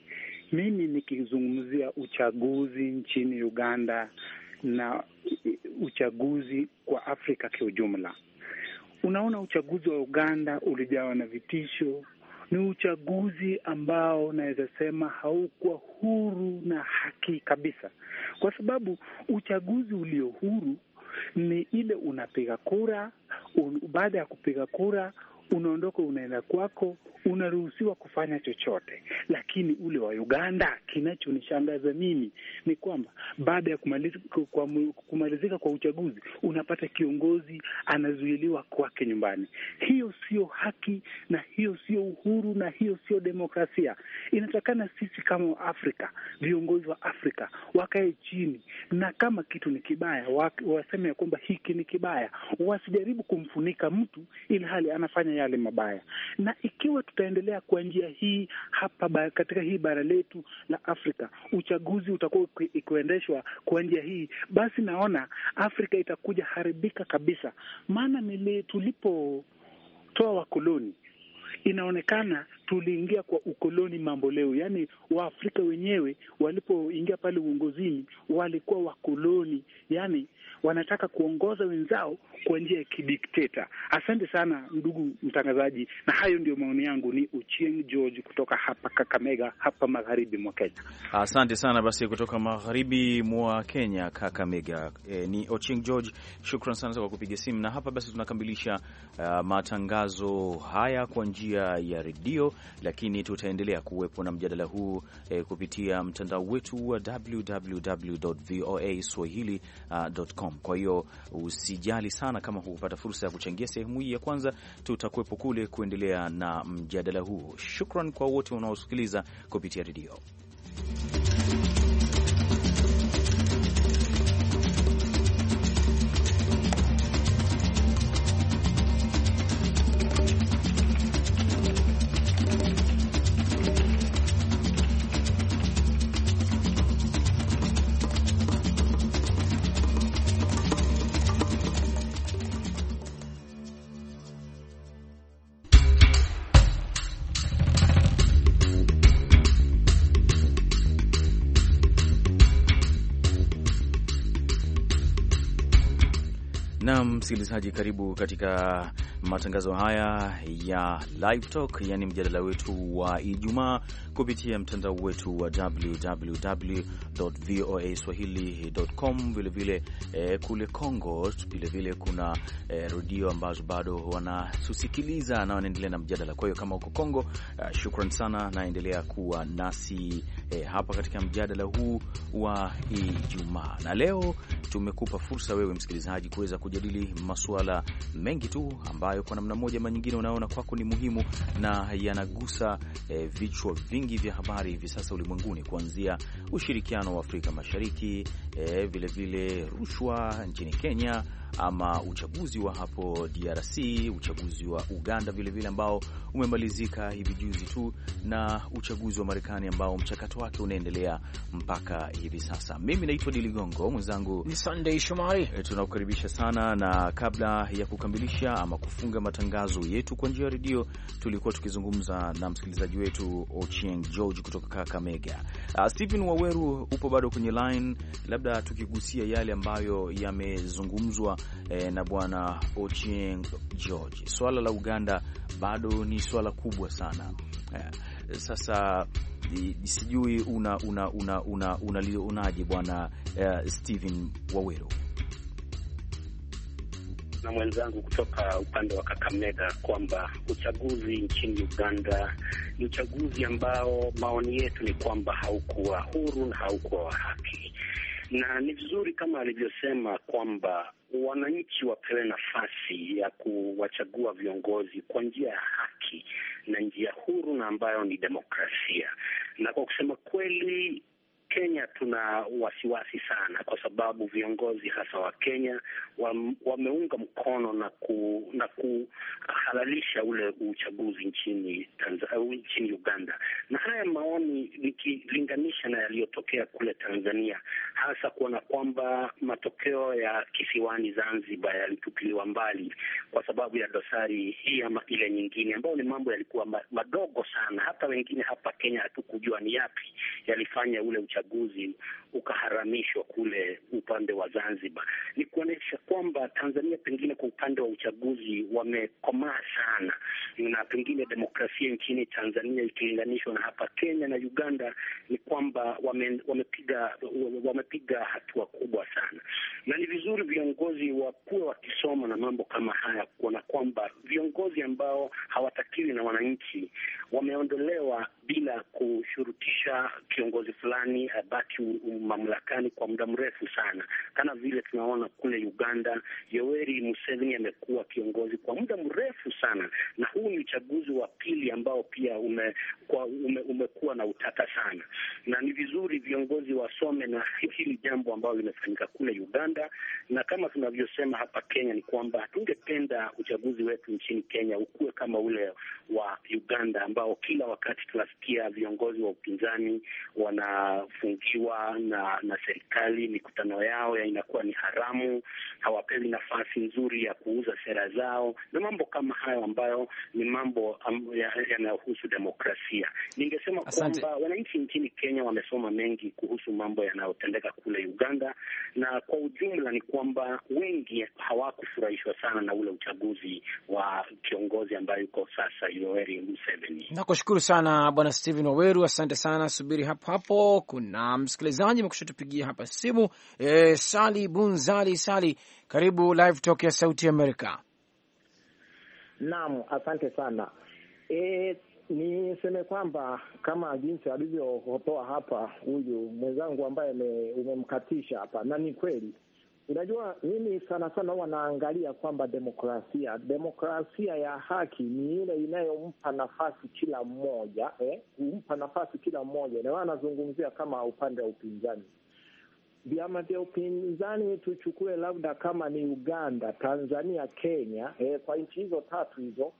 Mimi nikizungumzia uchaguzi nchini Uganda na uchaguzi kwa Afrika kiujumla, Unaona, uchaguzi wa Uganda ulijawa na vitisho. Ni uchaguzi ambao naweza sema haukuwa huru na haki kabisa, kwa sababu uchaguzi ulio huru ni ile unapiga kura baada ya kupiga kura unaondoka unaenda kwako, unaruhusiwa kufanya chochote. Lakini ule wa Uganda, kinachonishangaza mimi ni kwamba baada ya kumalizika kwa, kumalizika kwa uchaguzi unapata kiongozi anazuiliwa kwake nyumbani. Hiyo sio haki na hiyo sio uhuru na hiyo sio demokrasia. Inatakana sisi kama Afrika, viongozi wa Afrika wakae chini, na kama kitu ni kibaya waseme ya kwamba hiki ni kibaya, wasijaribu kumfunika mtu ili hali anafanya kufanya yale mabaya. Na ikiwa tutaendelea kwa njia hii hapa ba, katika hii bara letu la Afrika, uchaguzi utakuwa ikiendeshwa kwa njia hii, basi naona Afrika itakuja haribika kabisa, maana tulipotoa wakoloni inaonekana tuliingia kwa ukoloni mambo leo. Yaani Waafrika wenyewe walipoingia pale uongozini walikuwa wakoloni, yaani wanataka kuongoza wenzao kwa njia ya kidikteta. Asante sana ndugu mtangazaji, na hayo ndio maoni yangu. Ni Uchieng George kutoka hapa Kakamega, hapa magharibi mwa Kenya. Asante sana basi, kutoka magharibi mwa Kenya, Kakamega. E, ni Ochieng George, shukran sana kwa kupiga simu, na hapa basi tunakamilisha uh, matangazo haya kwa njia ya redio lakini tutaendelea kuwepo na mjadala huu e, kupitia mtandao wetu wa www.voaswahili.com. Ah, kwa hiyo usijali sana kama hukupata fursa ya kuchangia sehemu hii ya kwanza, tutakuwepo kule kuendelea na mjadala huu. Shukran kwa wote wanaosikiliza kupitia redio. Naam, msikilizaji, karibu katika matangazo haya ya Live Talk, yaani mjadala wetu wa Ijumaa kupitia mtandao wetu wa www.voaswahili.com. Vilevile e, eh, kule Congo vilevile kuna e, redio ambazo bado wanatusikiliza na wanaendelea na mjadala. Kwa hiyo kama huko Congo, uh, shukran sana, naendelea kuwa nasi e, hapa katika mjadala huu wa Ijumaa. Na leo tumekupa fursa wewe msikilizaji kuweza kujadili masuala mengi tu ambayo kwa namna moja ama nyingine unaona kwako ni muhimu na yanagusa e, vichwa vingi vya habari hivi sasa ulimwenguni, kuanzia ushirikiano wa Afrika Mashariki, vilevile e, vile rushwa nchini Kenya ama uchaguzi wa hapo DRC, uchaguzi wa Uganda vilevile vile ambao umemalizika hivi juzi tu, na uchaguzi wa Marekani ambao mchakato wake unaendelea mpaka hivi sasa. Mimi naitwa Diligongo, mwenzangu ni Sunday Shomari. E, tunakukaribisha sana, na kabla ya kukamilisha ama kufunga matangazo yetu kwa njia ya redio, tulikuwa tukizungumza na msikilizaji wetu Ochieng George kutoka Kakamega. Uh, Stephen Waweru upo bado kwenye line, labda tukigusia yale ambayo yamezungumzwa eh, na bwana Ochieng George. Swala la Uganda bado ni swala kubwa sana eh, sasa sijui una una una una unalionaje bwana uh, Steven Wawero na mwenzangu kutoka upande wa Kakamega kwamba uchaguzi nchini Uganda ni uchaguzi ambao maoni yetu ni kwamba haukuwa huru na haukuwa wa haki na ni vizuri kama alivyosema kwamba wananchi wapewe nafasi ya kuwachagua viongozi kwa njia ya haki na njia huru na ambayo ni demokrasia. Na kwa kusema kweli, Kenya tuna wasiwasi sana kwa sababu viongozi hasa wa Kenya wameunga wa mkono na ku, na kuhalalisha ule uchaguzi nchini Tanzania, uh, nchini Uganda, na haya maoni nikilinganisha na yaliyotokea kule Tanzania, hasa kuona kwamba matokeo ya kisiwani Zanzibar yalitupiliwa mbali kwa sababu ya dosari hii ama ile nyingine, ambayo ni mambo yalikuwa madogo sana. Hata wengine hapa Kenya hatukujua ni yapi yalifanya ule uchaguzi uchaguzi ukaharamishwa kule upande wa Zanzibar, ni kuonyesha kwamba Tanzania pengine kwa upande wa uchaguzi wamekomaa sana, na pengine demokrasia nchini Tanzania ikilinganishwa na hapa Kenya na Uganda, ni kwamba wame, wamepiga hatua kubwa sana, na ni vizuri viongozi wakuwe wakisoma na mambo kama haya, kuona kwamba viongozi ambao hawatakiwi na wananchi wameondolewa bila kushurutisha kiongozi fulani habaki mamlakani kwa muda mrefu sana, kama vile tunaona kule Uganda. Yoweri Museveni amekuwa kiongozi kwa muda mrefu sana, na huu ni uchaguzi wa pili ambao pia ume, kwa, ume, umekuwa na utata sana, na ni vizuri viongozi wasome na hili jambo ambalo limefanyika kule Uganda, na kama tunavyosema hapa Kenya ni kwamba hatungependa uchaguzi wetu nchini Kenya ukuwe kama ule wa Uganda ambao kila wakati tunasikia viongozi wa upinzani wana wanafungiwa na na serikali, mikutano yao ya inakuwa ni haramu, hawapewi nafasi nzuri ya kuuza sera zao na mambo kama hayo, ambayo ni mambo yanayohusu ya demokrasia. Ningesema kwamba wananchi nchini Kenya wamesoma mengi kuhusu mambo yanayotendeka kule Uganda, na kwa ujumla ni kwamba wengi hawakufurahishwa sana na ule uchaguzi wa kiongozi ambaye yuko sasa Yoweri Museveni. Nakushukuru sana Bwana Stephen Waweru, asante sana. Subiri hapo hapo kuna na msikilizaji tupigia hapa simu e, Sali Bunzali Sali, karibu Live Talk ya Sauti Amerika. Naam, asante sana e, niseme kwamba kama jinsi alivyohotoa hapa huyu mwenzangu ambaye umemkatisha hapa, na ni kweli Unajua, mimi sana sana huwa naangalia kwamba demokrasia demokrasia ya haki ni ile inayompa nafasi kila mmoja eh, humpa nafasi kila mmoja, nawa anazungumzia kama upande wa upinzani, vyama vya upinzani tuchukue labda kama ni Uganda, Tanzania, Kenya eh, kwa nchi hizo tatu hizo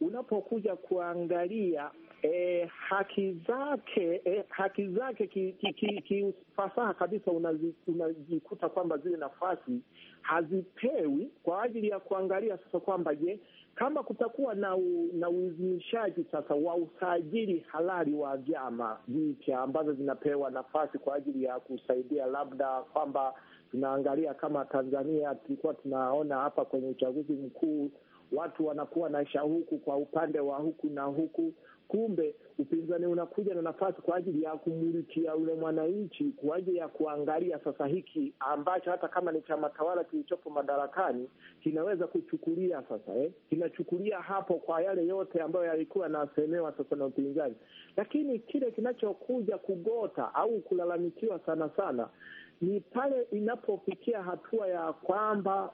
unapokuja kuangalia e, haki zake e, haki zake kiufasaha ki, ki, ki kabisa unajikuta kwamba zile nafasi hazipewi kwa ajili ya kuangalia sasa kwamba je, kama kutakuwa na u, na uizimishaji sasa wa usajili halali wa vyama vipya ambazo zinapewa nafasi kwa ajili ya kusaidia labda kwamba tunaangalia kama Tanzania tulikuwa tunaona hapa kwenye uchaguzi mkuu watu wanakuwa na shauku kwa upande wa huku na huku, Kumbe upinzani unakuja na nafasi kwa ajili ya kumulikia ule mwananchi, kwa ajili ya kuangalia sasa hiki ambacho hata kama ni chama tawala kilichopo madarakani kinaweza kuchukulia sasa, eh, kinachukulia hapo kwa yale yote ambayo yalikuwa yanasemewa sasa na upinzani. Lakini kile kinachokuja kugota au kulalamikiwa sana sana ni pale inapofikia hatua ya kwamba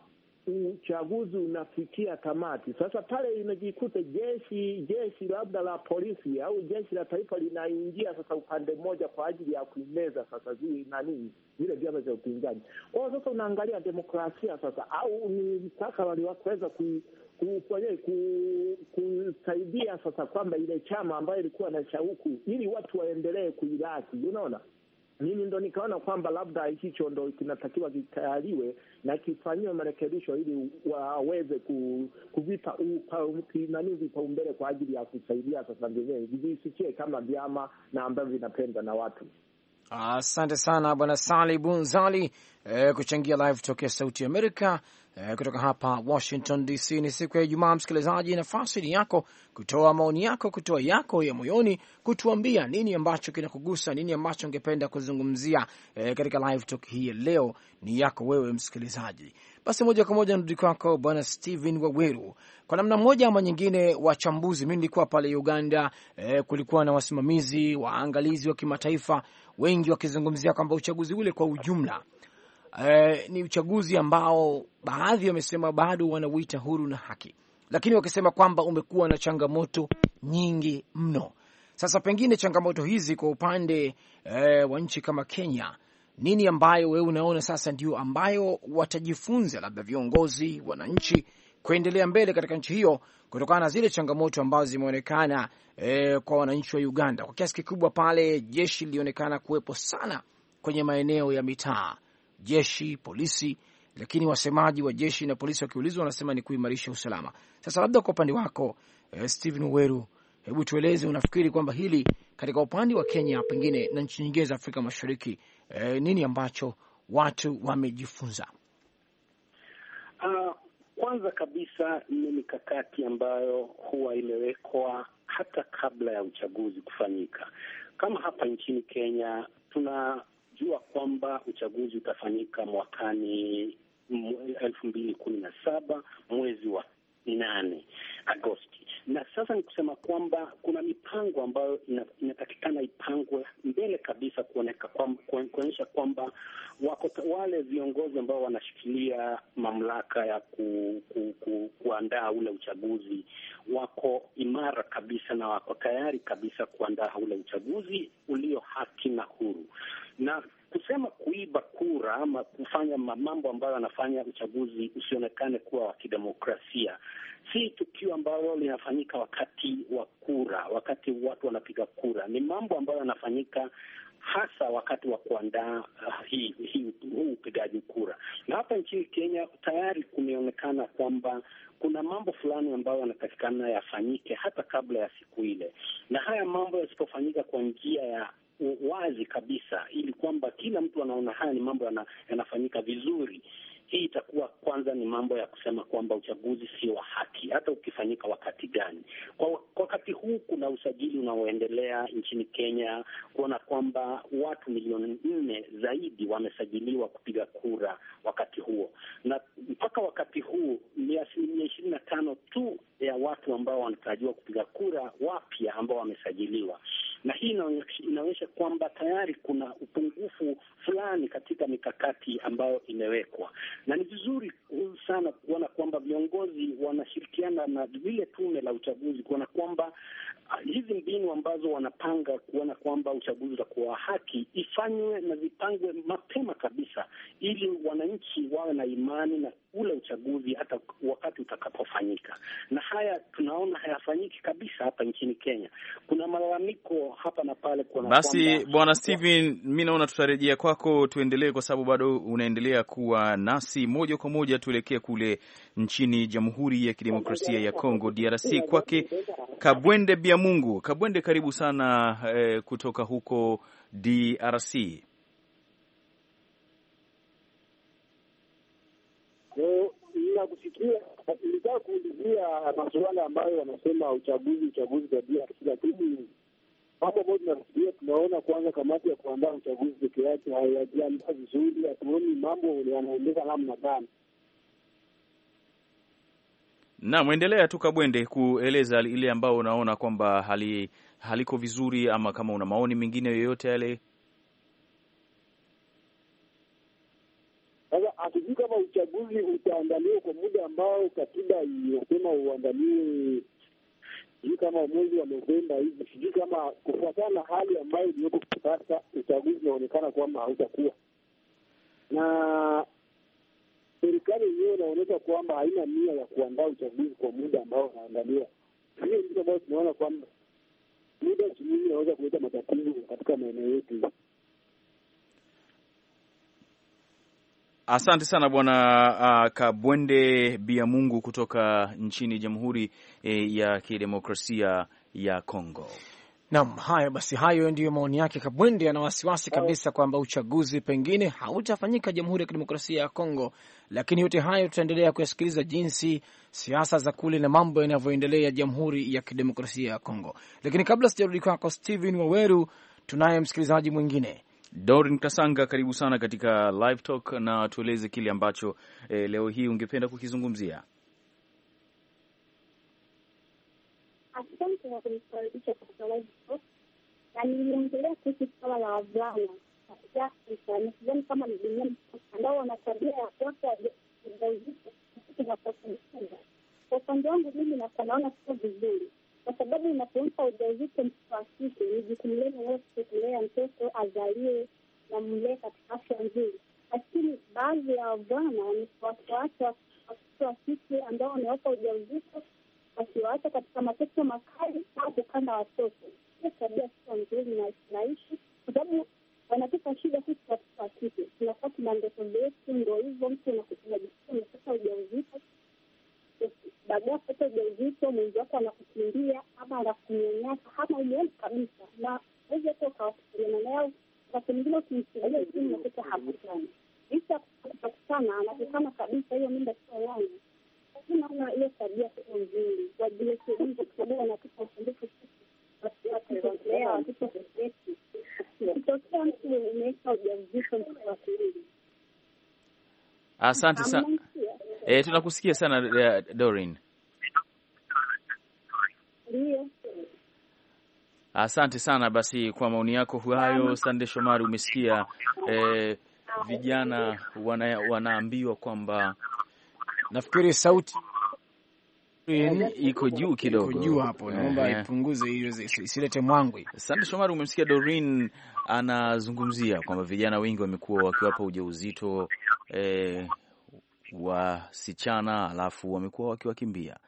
uchaguzi unafikia tamati. Sasa pale inajikuta jeshi jeshi labda la polisi au jeshi la taifa linaingia sasa upande mmoja kwa ajili ya kuimeza sasa zi nani vile vyama vya upinzani kwao. Sasa unaangalia demokrasia sasa, au ni mstakabali wa ku kusaidia sasa kwamba ile chama ambayo ilikuwa na shauku, ili watu waendelee kuiraki, unaona mimi ndo nikaona kwamba labda hicho ndo kinatakiwa kitayaliwe na kifanyiwe marekebisho ili waweze kuvipa nani vipaumbele kwa ajili ya kusaidia sasa vyenyewe visikie kama vyama na ambavyo vinapendwa na watu. Asante sana Bwana Sali Bunzali eh, kuchangia live tokea Sauti Amerika E, kutoka hapa Washington DC ni siku ya Ijumaa, msikilizaji, nafasi ni yako kutoa maoni yako, kutoa yako ya moyoni, kutuambia nini ambacho kinakugusa, nini ambacho ungependa kuzungumzia e, katika live talk hii ya leo. Ni yako wewe msikilizaji. Basi moja kwa moja narudi kwako Bwana Steven Waweru. Kwa namna moja ama nyingine, wachambuzi, mi nilikuwa pale Uganda e, kulikuwa na wasimamizi waangalizi wa kimataifa wengi wakizungumzia kwamba uchaguzi ule kwa ujumla eh, ni uchaguzi ambao baadhi wamesema bado wanauita huru na haki, lakini wakisema kwamba umekuwa na changamoto nyingi mno. Sasa pengine changamoto hizi kwa upande eh, wa nchi kama Kenya, nini ambayo wewe unaona sasa ndio ambayo watajifunza labda viongozi, wananchi kuendelea mbele katika nchi hiyo kutokana na zile changamoto ambazo zimeonekana eh, kwa wananchi wa Uganda. Kwa kiasi kikubwa pale jeshi lilionekana kuwepo sana kwenye maeneo ya mitaa, jeshi, polisi. Lakini wasemaji wa jeshi na polisi wakiulizwa, wanasema ni kuimarisha usalama. Sasa labda kwa upande wako eh, Stephen Weru, hebu tueleze unafikiri kwamba hili katika upande wa Kenya pengine na nchi nyingine za Afrika Mashariki eh, nini ambacho watu wamejifunza? Uh, kwanza kabisa ni mikakati ambayo huwa imewekwa hata kabla ya uchaguzi kufanyika. Kama hapa nchini Kenya tuna tunajua kwamba uchaguzi utafanyika mwakani elfu mbili kumi na saba mwezi wa nane Agosti. Na sasa ni kusema kwamba kuna mipango ambayo inatakikana ipangwe mbele kabisa, kuoneka kuonyesha kwamba wako wale viongozi ambao wanashikilia mamlaka ya ku, ku, ku, kuandaa ule uchaguzi wako imara kabisa na wako tayari kabisa kuandaa ule uchaguzi ulio haki na huru na kusema kuiba kura ama kufanya mambo ambayo yanafanya uchaguzi usionekane kuwa wa kidemokrasia si tukio ambalo linafanyika wakati wa kura, wakati watu wanapiga kura. Ni mambo ambayo yanafanyika hasa wakati wa kuandaa uh, hii hii huu upigaji kura. Na hapa nchini Kenya tayari kumeonekana kwamba kuna mambo fulani ambayo yanatakikana yafanyike hata kabla ya siku ile, na haya mambo yasipofanyika kwa njia ya wazi kabisa, ili kwamba kila mtu anaona haya ni mambo yanafanyika vizuri. Hii itakuwa kwanza ni mambo ya kusema kwamba uchaguzi sio wa haki, hata ukifanyika wakati gani. Kwa wakati huu kuna usajili unaoendelea nchini Kenya kuona kwamba watu milioni nne zaidi wamesajiliwa kupiga kura wakati huo, na mpaka wakati huu ni asilimia ishirini na tano tu ya watu ambao wanatarajiwa kupiga kura wapya ambao wamesajiliwa na hii inaonyesha kwamba tayari kuna upungufu fulani katika mikakati ambayo imewekwa, na ni vizuri sana kuona kwamba viongozi wanashirikiana na vile tume la uchaguzi kuona kwamba ah, hizi mbinu ambazo wanapanga kuona kwamba uchaguzi utakuwa wa haki ifanywe na zipangwe mapema kabisa, ili wananchi wawe na imani na ule uchaguzi hata wakati utakapofanyika, na haya tunaona hayafanyiki kabisa hapa nchini Kenya. Kuna malalamiko hapa na pale. Kuna basi, Bwana Steven, mi naona tutarejea kwako, tuendelee kwa sababu bado unaendelea kuwa nasi. Moja kwa moja tuelekee kule nchini Jamhuri ya Kidemokrasia ya Kongo, DRC, kwake Kabwende Bia Mungu. Kabwende, karibu sana eh, kutoka huko DRC. pia nilitaka kuulizia masuala ambayo wanasema uchaguzi uchaguzi tabia, lakini mambo ambayo tunafikiria tunaona kwanza, kamati ya kuandaa uchaguzi peke yake hayajiandaa vizuri. Hatuoni mambo yanaendeka namna gani. Naam, endelea tu Kabwende kueleza ile ambao unaona kwamba hali haliko vizuri, ama kama una maoni mengine yoyote yale Sasa hatujui kama uchaguzi utaandaliwa kwa muda ambao katiba inasema uandaliwe, sijui kama mwezi wa Novemba hivi, sijui kama kufuatana na hali ambayo iliyoko sasa, uchaguzi unaonekana kwamba hautakuwa na serikali yenyewe inaonyesha kwamba haina nia ya kuandaa uchaguzi kwa muda ambao unaandaliwa. Hiyo ndio ambayo tunaona kwamba muda suluhi inaweza kuleta matatizo katika maeneo yetu. Asante sana bwana uh, Kabwende mungu kutoka nchini Jamhuri eh, ya Kidemokrasia ya Kongo. Nam, haya basi, hayo ndiyo maoni yake Kabwende. Ana wasiwasi kabisa kwamba uchaguzi pengine hautafanyika Jamhuri ya Kidemokrasia ya Kongo, lakini yote hayo tutaendelea kuyasikiliza jinsi siasa za kule na mambo yanavyoendelea Jamhuri ya Kidemokrasia ya Kongo. Lakini kabla sijarudi kwako, stehen Waweru, tunaye msikilizaji mwingine Dorin Kasanga, karibu sana katika Live Talk na tueleze kile ambacho e, leo hii ungependa kukizungumzia. Asante kwa kunikaribisha katika Live Talk na niliongelea kuhusu la wavulana katika Afrika. kama ni duniani ambao wana tabia ya ujauzito na kuwafundisha. Kwa upande wangu mimi naona sio vizuri kwa sababu inapompa ujauzito mtoto wa kike, ni jukumu lenu wote kulea mtoto azalie na mlee katika afya nzuri. Lakini baadhi ya wavana wakiwaacha watoto wa kike ambao wanawapa ujauzito, wakiwaacha katika mateso makali au kukanda watoto, hiyo tabia sio nzuri na naishi kwa sababu wanatupa shida sisi watoto wa kike. Tunakuwa tuna ndoto zetu, ndo hivyo mtu unajisikia umepata ujauzito baada kupata ujauzito mwenzi wako anakukimbia ama anakunyanyasa ama umeona kabisa, na uweze kuwa ukawasiliana nayo wakati mwingine, ukimsimulia simu unakuta hakutani, licha kutakutana anakutana kabisa, hiyo mimba sio yangu. Lazima una hiyo tabia sio nzuri, wajirekebishe, kwa sababu wanatupa usumbufu watoto wetu. Ikitokea mtu umeisha ujauzito mtoto wa kiume Asante sana e, eh, tunakusikia sana eh, Dorin. Asante sana basi kwa maoni yako hayo, Sande Shomari. Umesikia e, vijana wana, wanaambiwa kwamba nafikiri sauti iko juu kidogo, juu hapo, naomba ipunguze hiyo isilete mwangwi. Sande Shomari, umemsikia Dorin anazungumzia kwamba vijana wengi wamekuwa wakiwapa ujauzito e, wasichana alafu wamekuwa wakiwakimbia.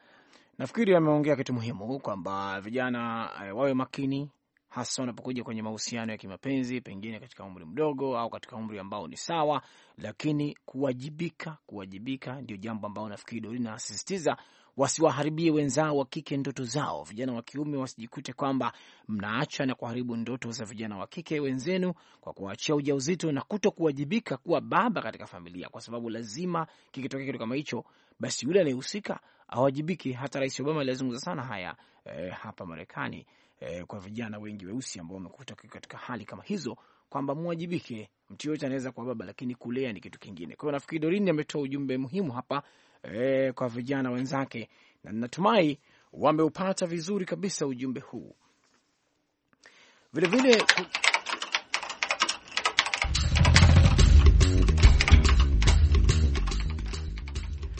Nafikiri ameongea kitu muhimu kwamba vijana eh, wawe makini hasa wanapokuja kwenye mahusiano ya kimapenzi, pengine katika umri mdogo au katika umri ambao ni sawa, lakini kuwajibika, kuwajibika ndio jambo ambao nafikiri Dorina asisitiza wasiwaharibie wenzao wa kike ndoto zao, vijana wa kiume wasijikute kwamba mnaacha na kuharibu ndoto za vijana wa kike wenzenu kwa kuwaachia ujauzito na kuto kuwajibika kuwa baba katika familia, kwa sababu lazima kikitokea kitu kama hicho, basi yule anayehusika awajibiki. Hata Rais Obama alizungumza sana haya eh, hapa Marekani eh, kwa vijana wengi weusi ambao wamekuta katika hali kama hizo kwamba mwajibike Mtu yoyote anaweza kuwa baba, lakini kulea ni kitu kingine. Kwa hiyo nafikiri Dorini ametoa ujumbe muhimu hapa e, kwa vijana wenzake, na natumai wameupata vizuri kabisa ujumbe huu vilevile vile...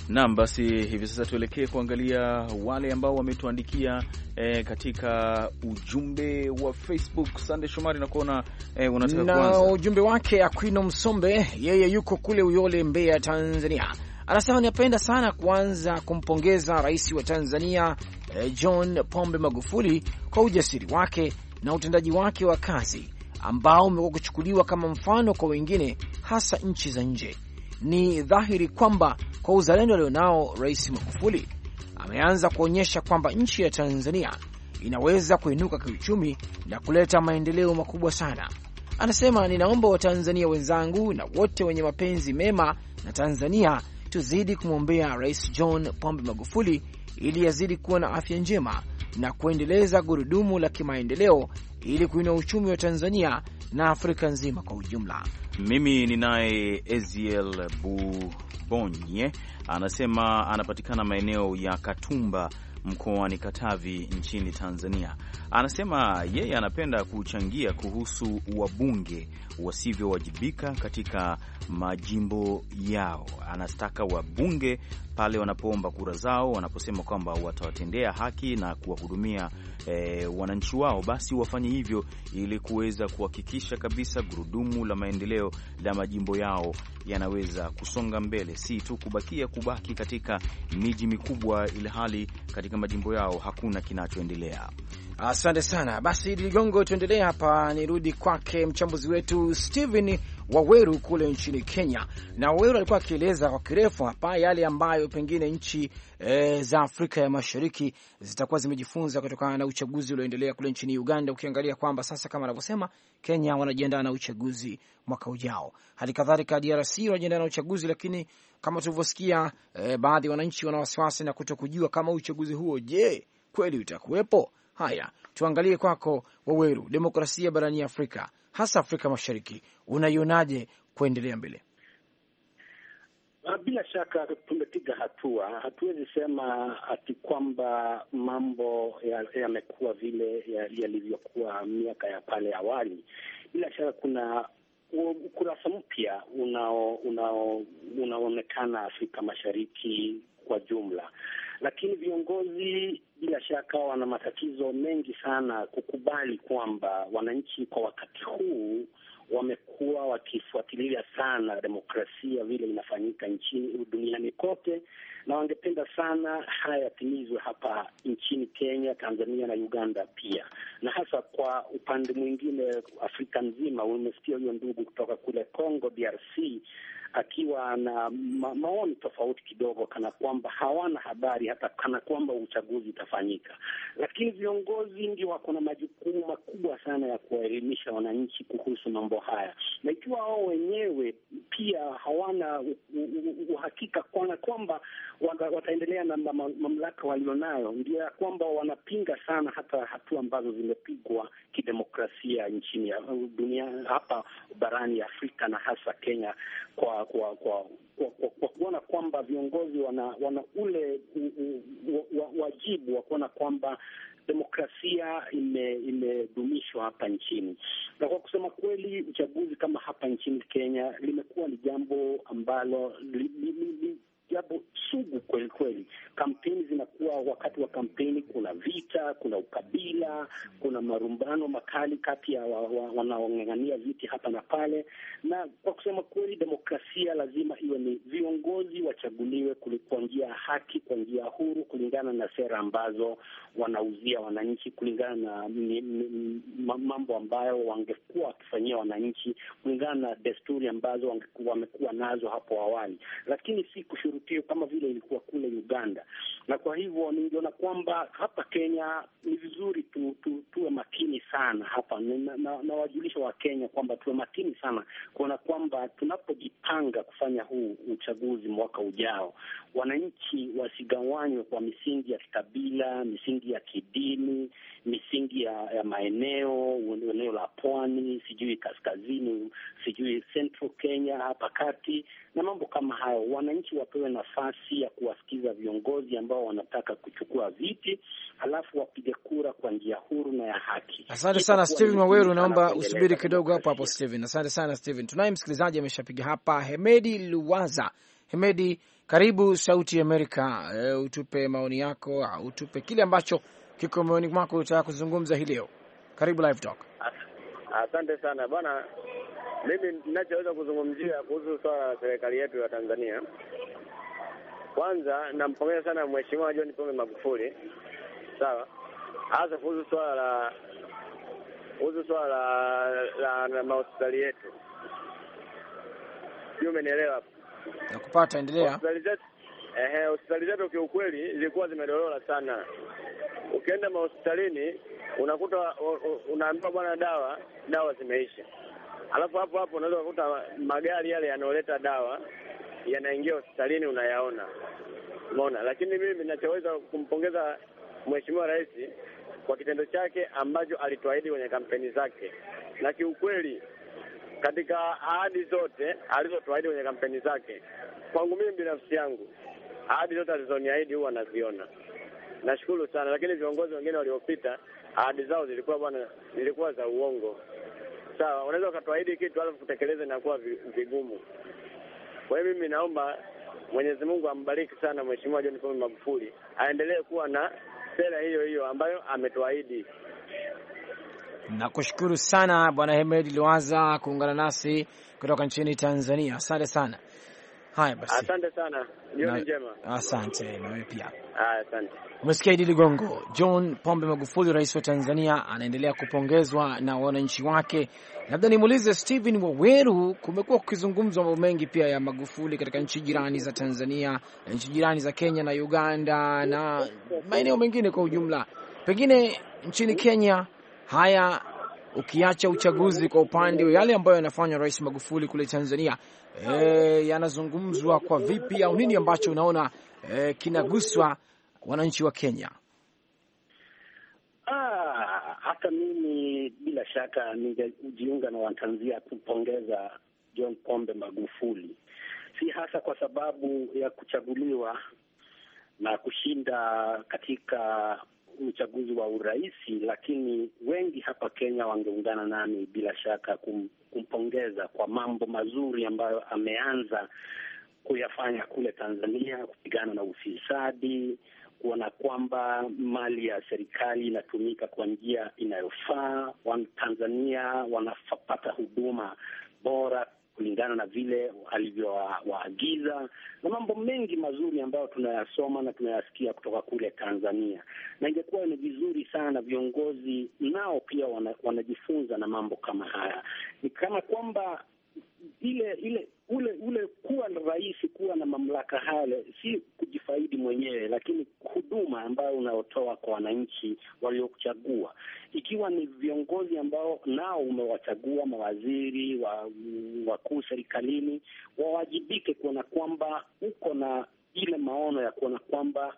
Naam, basi hivi sasa tuelekee kuangalia wale ambao wametuandikia e, katika ujumbe wa Facebook. Sande Shomari, nakuona e, unataka kuanza na ujumbe wake. Akwino Msombe, yeye yuko kule Uyole, Mbeya, Tanzania, anasema ninapenda sana kuanza kumpongeza rais wa Tanzania eh, John Pombe Magufuli kwa ujasiri wake na utendaji wake wa kazi ambao umekuwa kuchukuliwa kama mfano kwa wengine, hasa nchi za nje. Ni dhahiri kwamba kwa uzalendo alionao Rais Magufuli ameanza kuonyesha kwamba nchi ya Tanzania inaweza kuinuka kiuchumi na kuleta maendeleo makubwa sana. Anasema, ninaomba Watanzania wenzangu na wote wenye mapenzi mema na Tanzania tuzidi kumwombea Rais John Pombe Magufuli ili azidi kuwa na afya njema na kuendeleza gurudumu la kimaendeleo ili kuinua uchumi wa Tanzania na Afrika nzima kwa ujumla. Mimi ninaye Eziel Bubonye anasema anapatikana maeneo ya Katumba mkoani Katavi nchini Tanzania. Anasema yeye anapenda kuchangia kuhusu wabunge wasivyowajibika katika majimbo yao. Anataka wabunge pale wanapoomba kura zao, wanaposema kwamba watawatendea haki na kuwahudumia e, wananchi wao, basi wafanye hivyo ili kuweza kuhakikisha kabisa gurudumu la maendeleo la majimbo yao yanaweza kusonga mbele, si tu kubakia kubaki katika miji mikubwa, ilhali katika majimbo yao hakuna kinachoendelea. Asante sana. Basi Ligongo, tuendelee hapa, nirudi kwake mchambuzi wetu Steven Waweru kule nchini Kenya. Na Waweru alikuwa akieleza kwa kirefu hapa yale ambayo pengine nchi e, za Afrika ya Mashariki zitakuwa zimejifunza kutokana na uchaguzi ulioendelea kule nchini Uganda, ukiangalia kwamba sasa kama anavyosema Kenya wanajiandaa na uchaguzi mwaka ujao, hali kadhalika DRC wanajiandaa na uchaguzi, lakini kama tulivyosikia e, baadhi ya wananchi wana wasiwasi na kuto kujua kama uchaguzi huo, je, kweli utakuwepo? Haya, tuangalie kwako Waweru, demokrasia barani Afrika hasa Afrika Mashariki, unaionaje kuendelea mbele? Ah, bila shaka tumepiga hatua. Hatuwezi sema ati kwamba mambo yamekuwa ya vile yalivyokuwa ya miaka ya pale awali. Bila shaka kuna ukurasa mpya unao unaoonekana Afrika Mashariki kwa jumla, lakini viongozi bila shaka wana matatizo mengi sana kukubali kwamba wananchi kwa wakati huu wamekuwa wakifuatilia sana demokrasia vile inafanyika nchini duniani kote, na wangependa sana haya yatimizwe hapa nchini Kenya, Tanzania na Uganda pia, na hasa kwa upande mwingine Afrika nzima. Umesikia huyo ndugu kutoka kule Congo DRC akiwa na ma maoni tofauti kidogo, kana kwamba hawana habari hata kana kwamba uchaguzi utafanyika. Lakini viongozi ndio wako na majukumu makubwa sana ya kuwaelimisha wananchi kuhusu mambo haya, na ikiwa wao wenyewe pia hawana uhakika kana kwamba wataendelea na mamlaka walionayo, ndio ya kwamba wanapinga sana hata hatua ambazo zimepigwa kidemokrasia nchini uh, dunia hapa barani Afrika na hasa Kenya, kwa kwa kwa kwa kuona kwamba viongozi wana, wana ule u, u, u, wajibu wa kuona kwamba demokrasia imedumishwa ime hapa nchini. Na kwa kusema kweli, uchaguzi kama hapa nchini Kenya limekuwa ni jambo ambalo li, li, li, jambo sugu kweli kweli. Kampeni zinakuwa, wakati wa kampeni kuna vita, kuna ukabila, kuna marumbano makali kati ya wanaong'ang'ania wa, viti hapa na pale. Na kwa kusema kweli, demokrasia lazima iwe ni viongozi wachaguliwe kwa njia ya haki, kwa njia huru, kulingana na sera ambazo wanauzia wananchi, kulingana na mambo ambayo wangekuwa wakifanyia wananchi, kulingana na desturi ambazo wamekuwa nazo hapo awali, lakini si kushuru kivutio kama vile ilikuwa kule Uganda, na kwa hivyo ningeona kwamba hapa Kenya ni vizuri tu, tu, tuwe makini sana hapa nawajulisha na, na Wakenya kwamba tuwe makini sana kuona kwamba tunapojipanga kufanya huu uchaguzi mwaka ujao, wananchi wasigawanywe kwa misingi ya kikabila, misingi ya kidini, misingi ya, ya maeneo, eneo la pwani, sijui kaskazini, sijui Central Kenya, hapa kati na mambo kama hayo. Wananchi wapewe nafasi ya kuwasikiza viongozi ambao wanataka kuchukua viti, alafu wapige kura kwa njia huru na ya haki. Asante sana Steven Maweru, naomba usubiri kidogo hapo hapo Steven. Asante sana stehen Tunaye msikilizaji ameshapiga hapa, Hemedi Luwaza. Hemedi, karibu Sauti ya Amerika. E, utupe maoni yako au utupe kile ambacho kiko moyoni mwako utaka kuzungumza hii leo. Karibu Live Talk. Asante sana bwana, mimi ninachoweza kuzungumzia kuhusu swala la serikali yetu ya Tanzania, kwanza nampongeza sana Mheshimiwa John Pombe Magufuli, sawa hasa kuhusu swala la kuhusu swala la, la mahospitali yetu, sijui umenielewa hapo. Nakupata, endelea. Hospitali zetu ehe, hospitali zetu kiukweli zilikuwa zimedorora sana. Ukienda mahospitalini unakuta unaambiwa bwana, dawa dawa zimeisha, alafu hapo hapo unaweza kukuta magari yale yanayoleta dawa yanaingia hospitalini unayaona, umeona. Lakini mimi nachoweza kumpongeza Mheshimiwa Rais kwa kitendo chake ambacho alituahidi kwenye kampeni zake, na kiukweli katika ahadi zote alizotuahidi kwenye kampeni zake, kwangu mimi binafsi yangu, ahadi zote alizoniahidi huwa naziona. Nashukuru sana, lakini viongozi wengine waliopita ahadi zao zilikuwa bwana, zilikuwa za uongo. Sawa, unaweza ukatuahidi kitu alafu kutekeleza inakuwa vigumu. Kwa hiyo mimi naomba Mwenyezi Mungu ambariki sana Mheshimiwa John Pombe Magufuli aendelee kuwa na sera hiyo hiyo ambayo ametuahidi. Nakushukuru sana Bwana Hemed Liwaza kuungana nasi kutoka nchini Tanzania, asante sana. Haya basi, asante sana, jioni njema. Asante na wewe pia. Asante. Umesikia Idi Ligongo. John Pombe Magufuli, rais wa Tanzania, anaendelea kupongezwa na wananchi wake. Labda nimuulize Stephen Waweru, kumekuwa kukizungumzwa mambo mengi pia ya Magufuli katika nchi jirani za Tanzania, nchi jirani za Kenya na Uganda na maeneo mengine kwa ujumla. Pengine nchini Kenya haya ukiacha uchaguzi kwa upande wa yale ambayo yanafanywa Rais Magufuli kule Tanzania, e, yanazungumzwa kwa vipi au nini ambacho unaona e, kinaguswa wananchi wa Kenya? Ah, hata mimi bila shaka ningejiunga na Watanzania kupongeza John Pombe Magufuli, si hasa kwa sababu ya kuchaguliwa na kushinda katika uchaguzi wa urais, lakini wengi hapa Kenya wangeungana nami bila shaka kum, kumpongeza kwa mambo mazuri ambayo ameanza kuyafanya kule Tanzania, kupigana na ufisadi, kuona kwamba mali ya serikali inatumika kwa njia inayofaa, Watanzania wanapata huduma bora kulingana na vile alivyowaagiza wa, na mambo mengi mazuri ambayo tunayasoma na tunayasikia kutoka kule Tanzania, na ingekuwa ni vizuri sana viongozi nao pia wana, wanajifunza na mambo kama haya. Ni kama kwamba ile ile ule ule kuwa rais kuwa na mamlaka hale si kujifaidi mwenyewe, lakini huduma ambayo unaotoa kwa wananchi waliokuchagua, ikiwa ni viongozi ambao nao umewachagua mawaziri wa wakuu serikalini, wawajibike kuona kwamba uko na ile maono ya kuona kwamba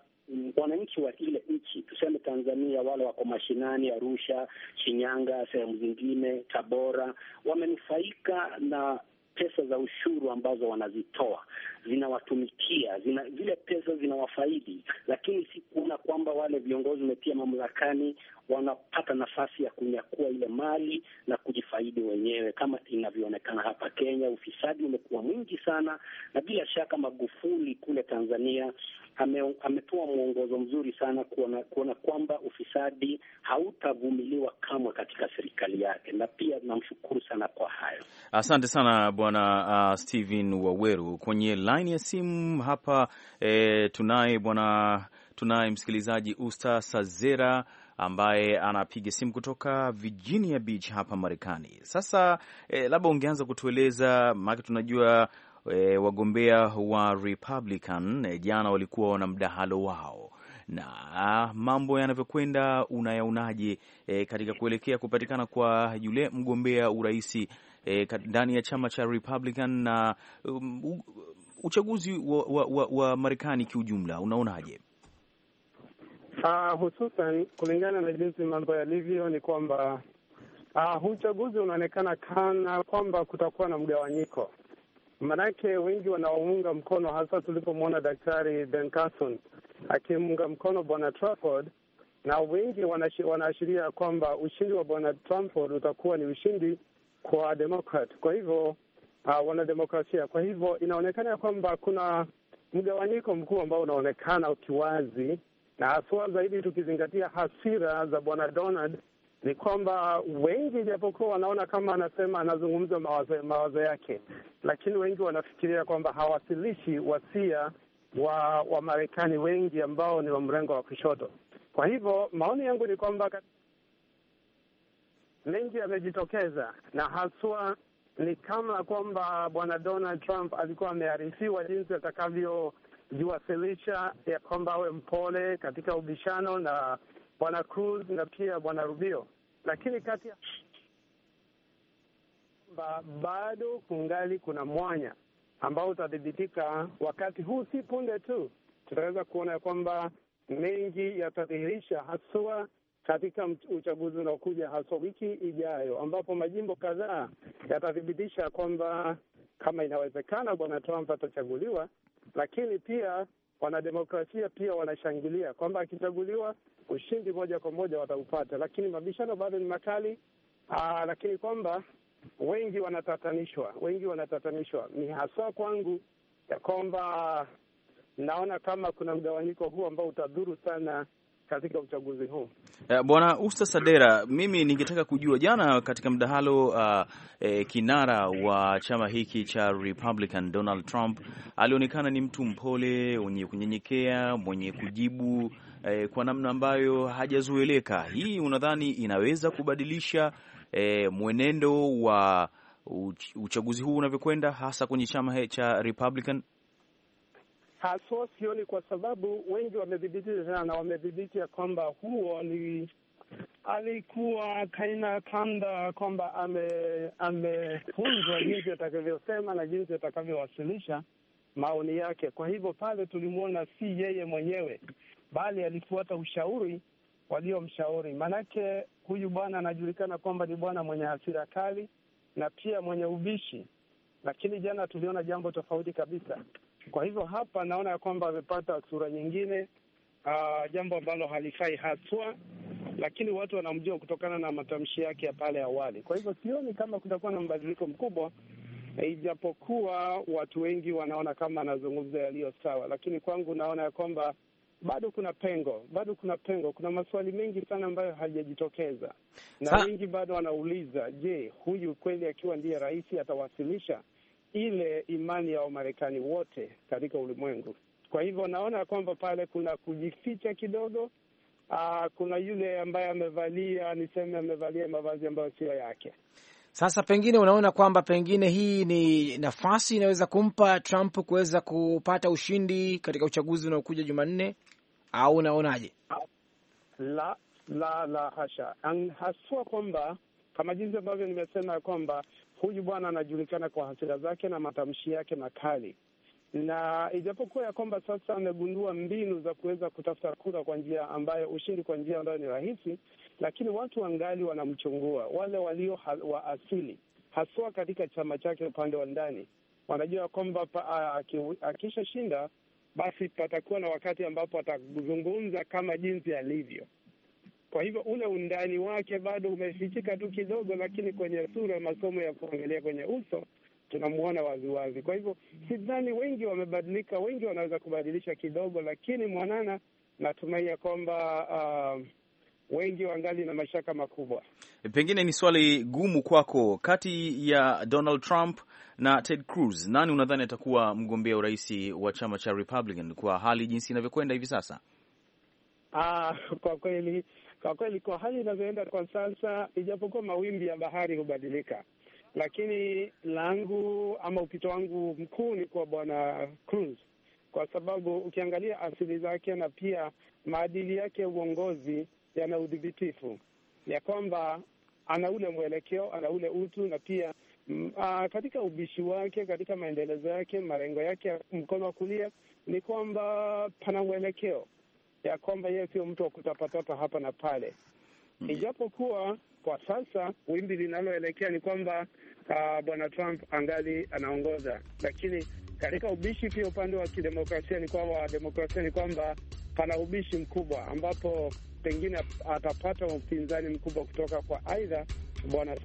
wananchi wa ile nchi tuseme Tanzania, wale wako mashinani, Arusha, Shinyanga, sehemu zingine, Tabora, wamenufaika na pesa za ushuru ambazo wanazitoa zinawatumikia, zina, zile pesa zinawafaidi, lakini si kuona kwamba wale viongozi wametia mamlakani wanapata nafasi ya kunyakua ile mali na kujifaidi wenyewe, kama inavyoonekana hapa Kenya. Ufisadi umekuwa mwingi sana, na bila shaka Magufuli kule Tanzania ame, ametoa mwongozo mzuri sana kuona, kuona kwamba ufisadi hautavumiliwa kamwe katika serikali yake, na pia namshukuru sana kwa hayo. Asante sana bwana uh, Steven Waweru. Kwenye lini ya simu hapa eh, tunaye bwana tunaye msikilizaji Usta Sazera ambaye anapiga simu kutoka Virginia Beach hapa Marekani. Sasa eh, labda ungeanza kutueleza maake, tunajua e, wagombea wa Republican eh, jana walikuwa wana mdahalo wao na mambo yanavyokwenda unayaonaje e, eh, katika kuelekea kupatikana kwa yule mgombea urais e, ndani ya chama cha Republican na um, uchaguzi wa, wa, wa, wa Marekani kiujumla unaonaje? Uh, hususan kulingana na jinsi mambo yalivyo ni kwamba uh, uchaguzi unaonekana kana kwamba kutakuwa na mgawanyiko Maanake wengi wanaounga mkono, hasa tulipomwona Daktari Ben Carson akimunga mkono Bwana Trafford, na wengi wanaashiria kwamba ushindi wa Bwana Trafford utakuwa ni ushindi kwa Demokrat, kwa hivyo uh, wanademokrasia. Kwa hivyo inaonekana ya kwamba kuna mgawanyiko mkuu ambao unaonekana ukiwazi, na haswa zaidi tukizingatia hasira za Bwana Donald ni kwamba wengi, japokuwa wanaona kama anasema anazungumza mawazo, mawazo yake, lakini wengi wanafikiria kwamba hawasilishi wasia wa Wamarekani wengi ambao ni wa mrengo wa kushoto. Kwa hivyo maoni yangu ni kwamba mengi yamejitokeza na haswa ni kama kwamba bwana Donald Trump alikuwa amearifiwa jinsi atakavyojiwasilisha ya kwamba awe mpole katika ubishano na bwana Cruz na pia bwana Rubio, lakini kati ya ba, bado kungali kuna mwanya ambao utathibitika wakati huu, si punde tu tutaweza kuona ya kwamba mengi yatadhihirisha haswa katika uchaguzi unaokuja haswa wiki ijayo, ambapo majimbo kadhaa yatathibitisha kwamba kama inawezekana bwana Trump atachaguliwa, lakini pia wanademokrasia pia wanashangilia kwamba akichaguliwa ushindi moja kwa moja wataupata, lakini mabishano bado ni makali. Aa, ah, lakini kwamba wengi wanatatanishwa, wengi wanatatanishwa. Ni haswa kwangu ya kwamba naona kama kuna mgawanyiko huu ambao utadhuru sana katika uchaguzi huu. Eh, Bwana Usta Sadera, mimi ningetaka kujua jana katika mdahalo uh, eh, kinara wa chama hiki cha Republican Donald Trump alionekana ni mtu mpole, mwenye kunyenyekea, mwenye kujibu eh, kwa namna ambayo hajazoeleka. Hii unadhani inaweza kubadilisha eh, mwenendo wa uchaguzi huu unavyokwenda hasa kwenye chama cha Republican? haswa sioni, kwa sababu wengi wamedhibiti tena na wamedhibitia kwamba huo ni alikuwa kaina kanda kwamba amefunzwa ame jinsi atakavyosema na jinsi atakavyowasilisha maoni yake. Kwa hivyo pale tulimwona si yeye mwenyewe, bali alifuata ushauri waliomshauri. Maanake huyu bwana anajulikana kwamba ni bwana mwenye hasira kali na pia mwenye ubishi, lakini jana tuliona jambo tofauti kabisa. Kwa hivyo hapa naona ya kwamba amepata sura nyingine, uh, jambo ambalo halifai haswa, lakini watu wanamjua kutokana na matamshi yake ya pale awali. Kwa hivyo sioni kama kutakuwa na mbadiliko mkubwa, eh, ijapokuwa watu wengi wanaona kama anazungumza yaliyo sawa, lakini kwangu naona ya kwamba bado kuna pengo, bado kuna pengo. Kuna maswali mengi sana ambayo hajajitokeza na wengi bado wanauliza, je, huyu kweli akiwa ndiye rais atawasilisha ile imani ya Wamarekani wote katika ulimwengu. Kwa hivyo naona kwamba pale kuna kujificha kidogo. Aa, ah, kuna yule ambaye amevalia niseme, amevalia mavazi ambayo sio yake. Sasa pengine unaona kwamba pengine hii ni nafasi inaweza kumpa Trump kuweza kupata ushindi katika uchaguzi unaokuja Jumanne, au unaonaje? La, la, la hasha, haswa kwamba kama jinsi ambavyo nimesema ya kwamba Huyu bwana anajulikana kwa hasira zake na matamshi yake makali, na ijapokuwa ya kwamba sasa amegundua mbinu za kuweza kutafuta kura kwa njia ambayo, ushindi kwa njia ambayo ni rahisi, lakini watu wangali wanamchungua. Wale walio wa asili, haswa katika chama chake, upande wa ndani, wanajua kwamba akishashinda basi patakuwa na wakati ambapo atazungumza kama jinsi alivyo, kwa hivyo ule undani wake bado umefichika tu kidogo, lakini kwenye sura, masomo ya kuongelea kwenye uso tunamwona waziwazi. Kwa hivyo sidhani wengi wamebadilika, wengi wanaweza kubadilisha kidogo, lakini Mwanana natumai ya kwamba uh, wengi wangali na mashaka makubwa. Pengine ni swali gumu kwako, kati ya Donald Trump na Ted Cruz, nani unadhani atakuwa mgombea urais wa chama cha Republican kwa hali jinsi inavyokwenda hivi sasa? Ah, kwa kweli kwa kweli, kwa hali inavyoenda kwa sasa, ijapokuwa mawimbi ya bahari hubadilika, lakini langu ama upito wangu mkuu ni kwa Bwana Cruz kwa sababu ukiangalia asili zake na pia maadili yake ya uongozi yana udhibitifu ya kwamba ana ule mwelekeo, ana ule utu na pia mm, a, katika ubishi wake, katika maendelezo yake, malengo yake ya mkono wa kulia ni kwamba pana mwelekeo ya kwamba yeye sio mtu wa kutapatapa hapa na pale mm. Ijapokuwa kwa sasa wimbi linaloelekea ni kwamba uh, bwana Trump angali anaongoza, lakini katika ubishi pia upande wa kidemokrasia ni kwamba wademokrasia ni kwamba pana ubishi mkubwa ambapo pengine atapata upinzani mkubwa kutoka kwa aidha Bwana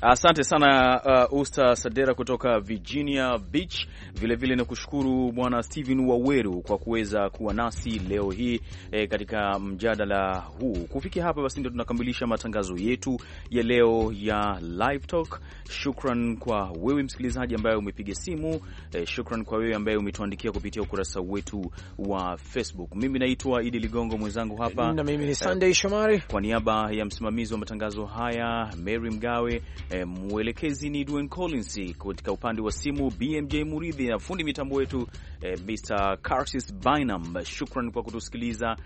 Asante sana uh, Usta Sadera kutoka Virginia Beach. Vilevile nakushukuru Bwana Steven Waweru kwa kuweza kuwa nasi leo hii e, katika mjadala huu. Kufikia hapa basi, ndio tunakamilisha matangazo yetu ya leo ya Live Talk. Shukran kwa wewe msikilizaji ambaye umepiga simu e, shukran kwa wewe ambaye umetuandikia kupitia ukurasa wetu wa Facebook. Mimi naitwa Idi Ligongo, mwenzangu hapa na mimi ni eh, Sunday Shomari, kwa niaba ya msimamizi wa matangazo matangazo haya Mary Mgawe, e, mwelekezi ni Dwayne Collins, katika upande wa simu BMJ Muridhi na fundi mitambo wetu e, eh, Mr Carsis Bynam. Shukran kwa kutusikiliza.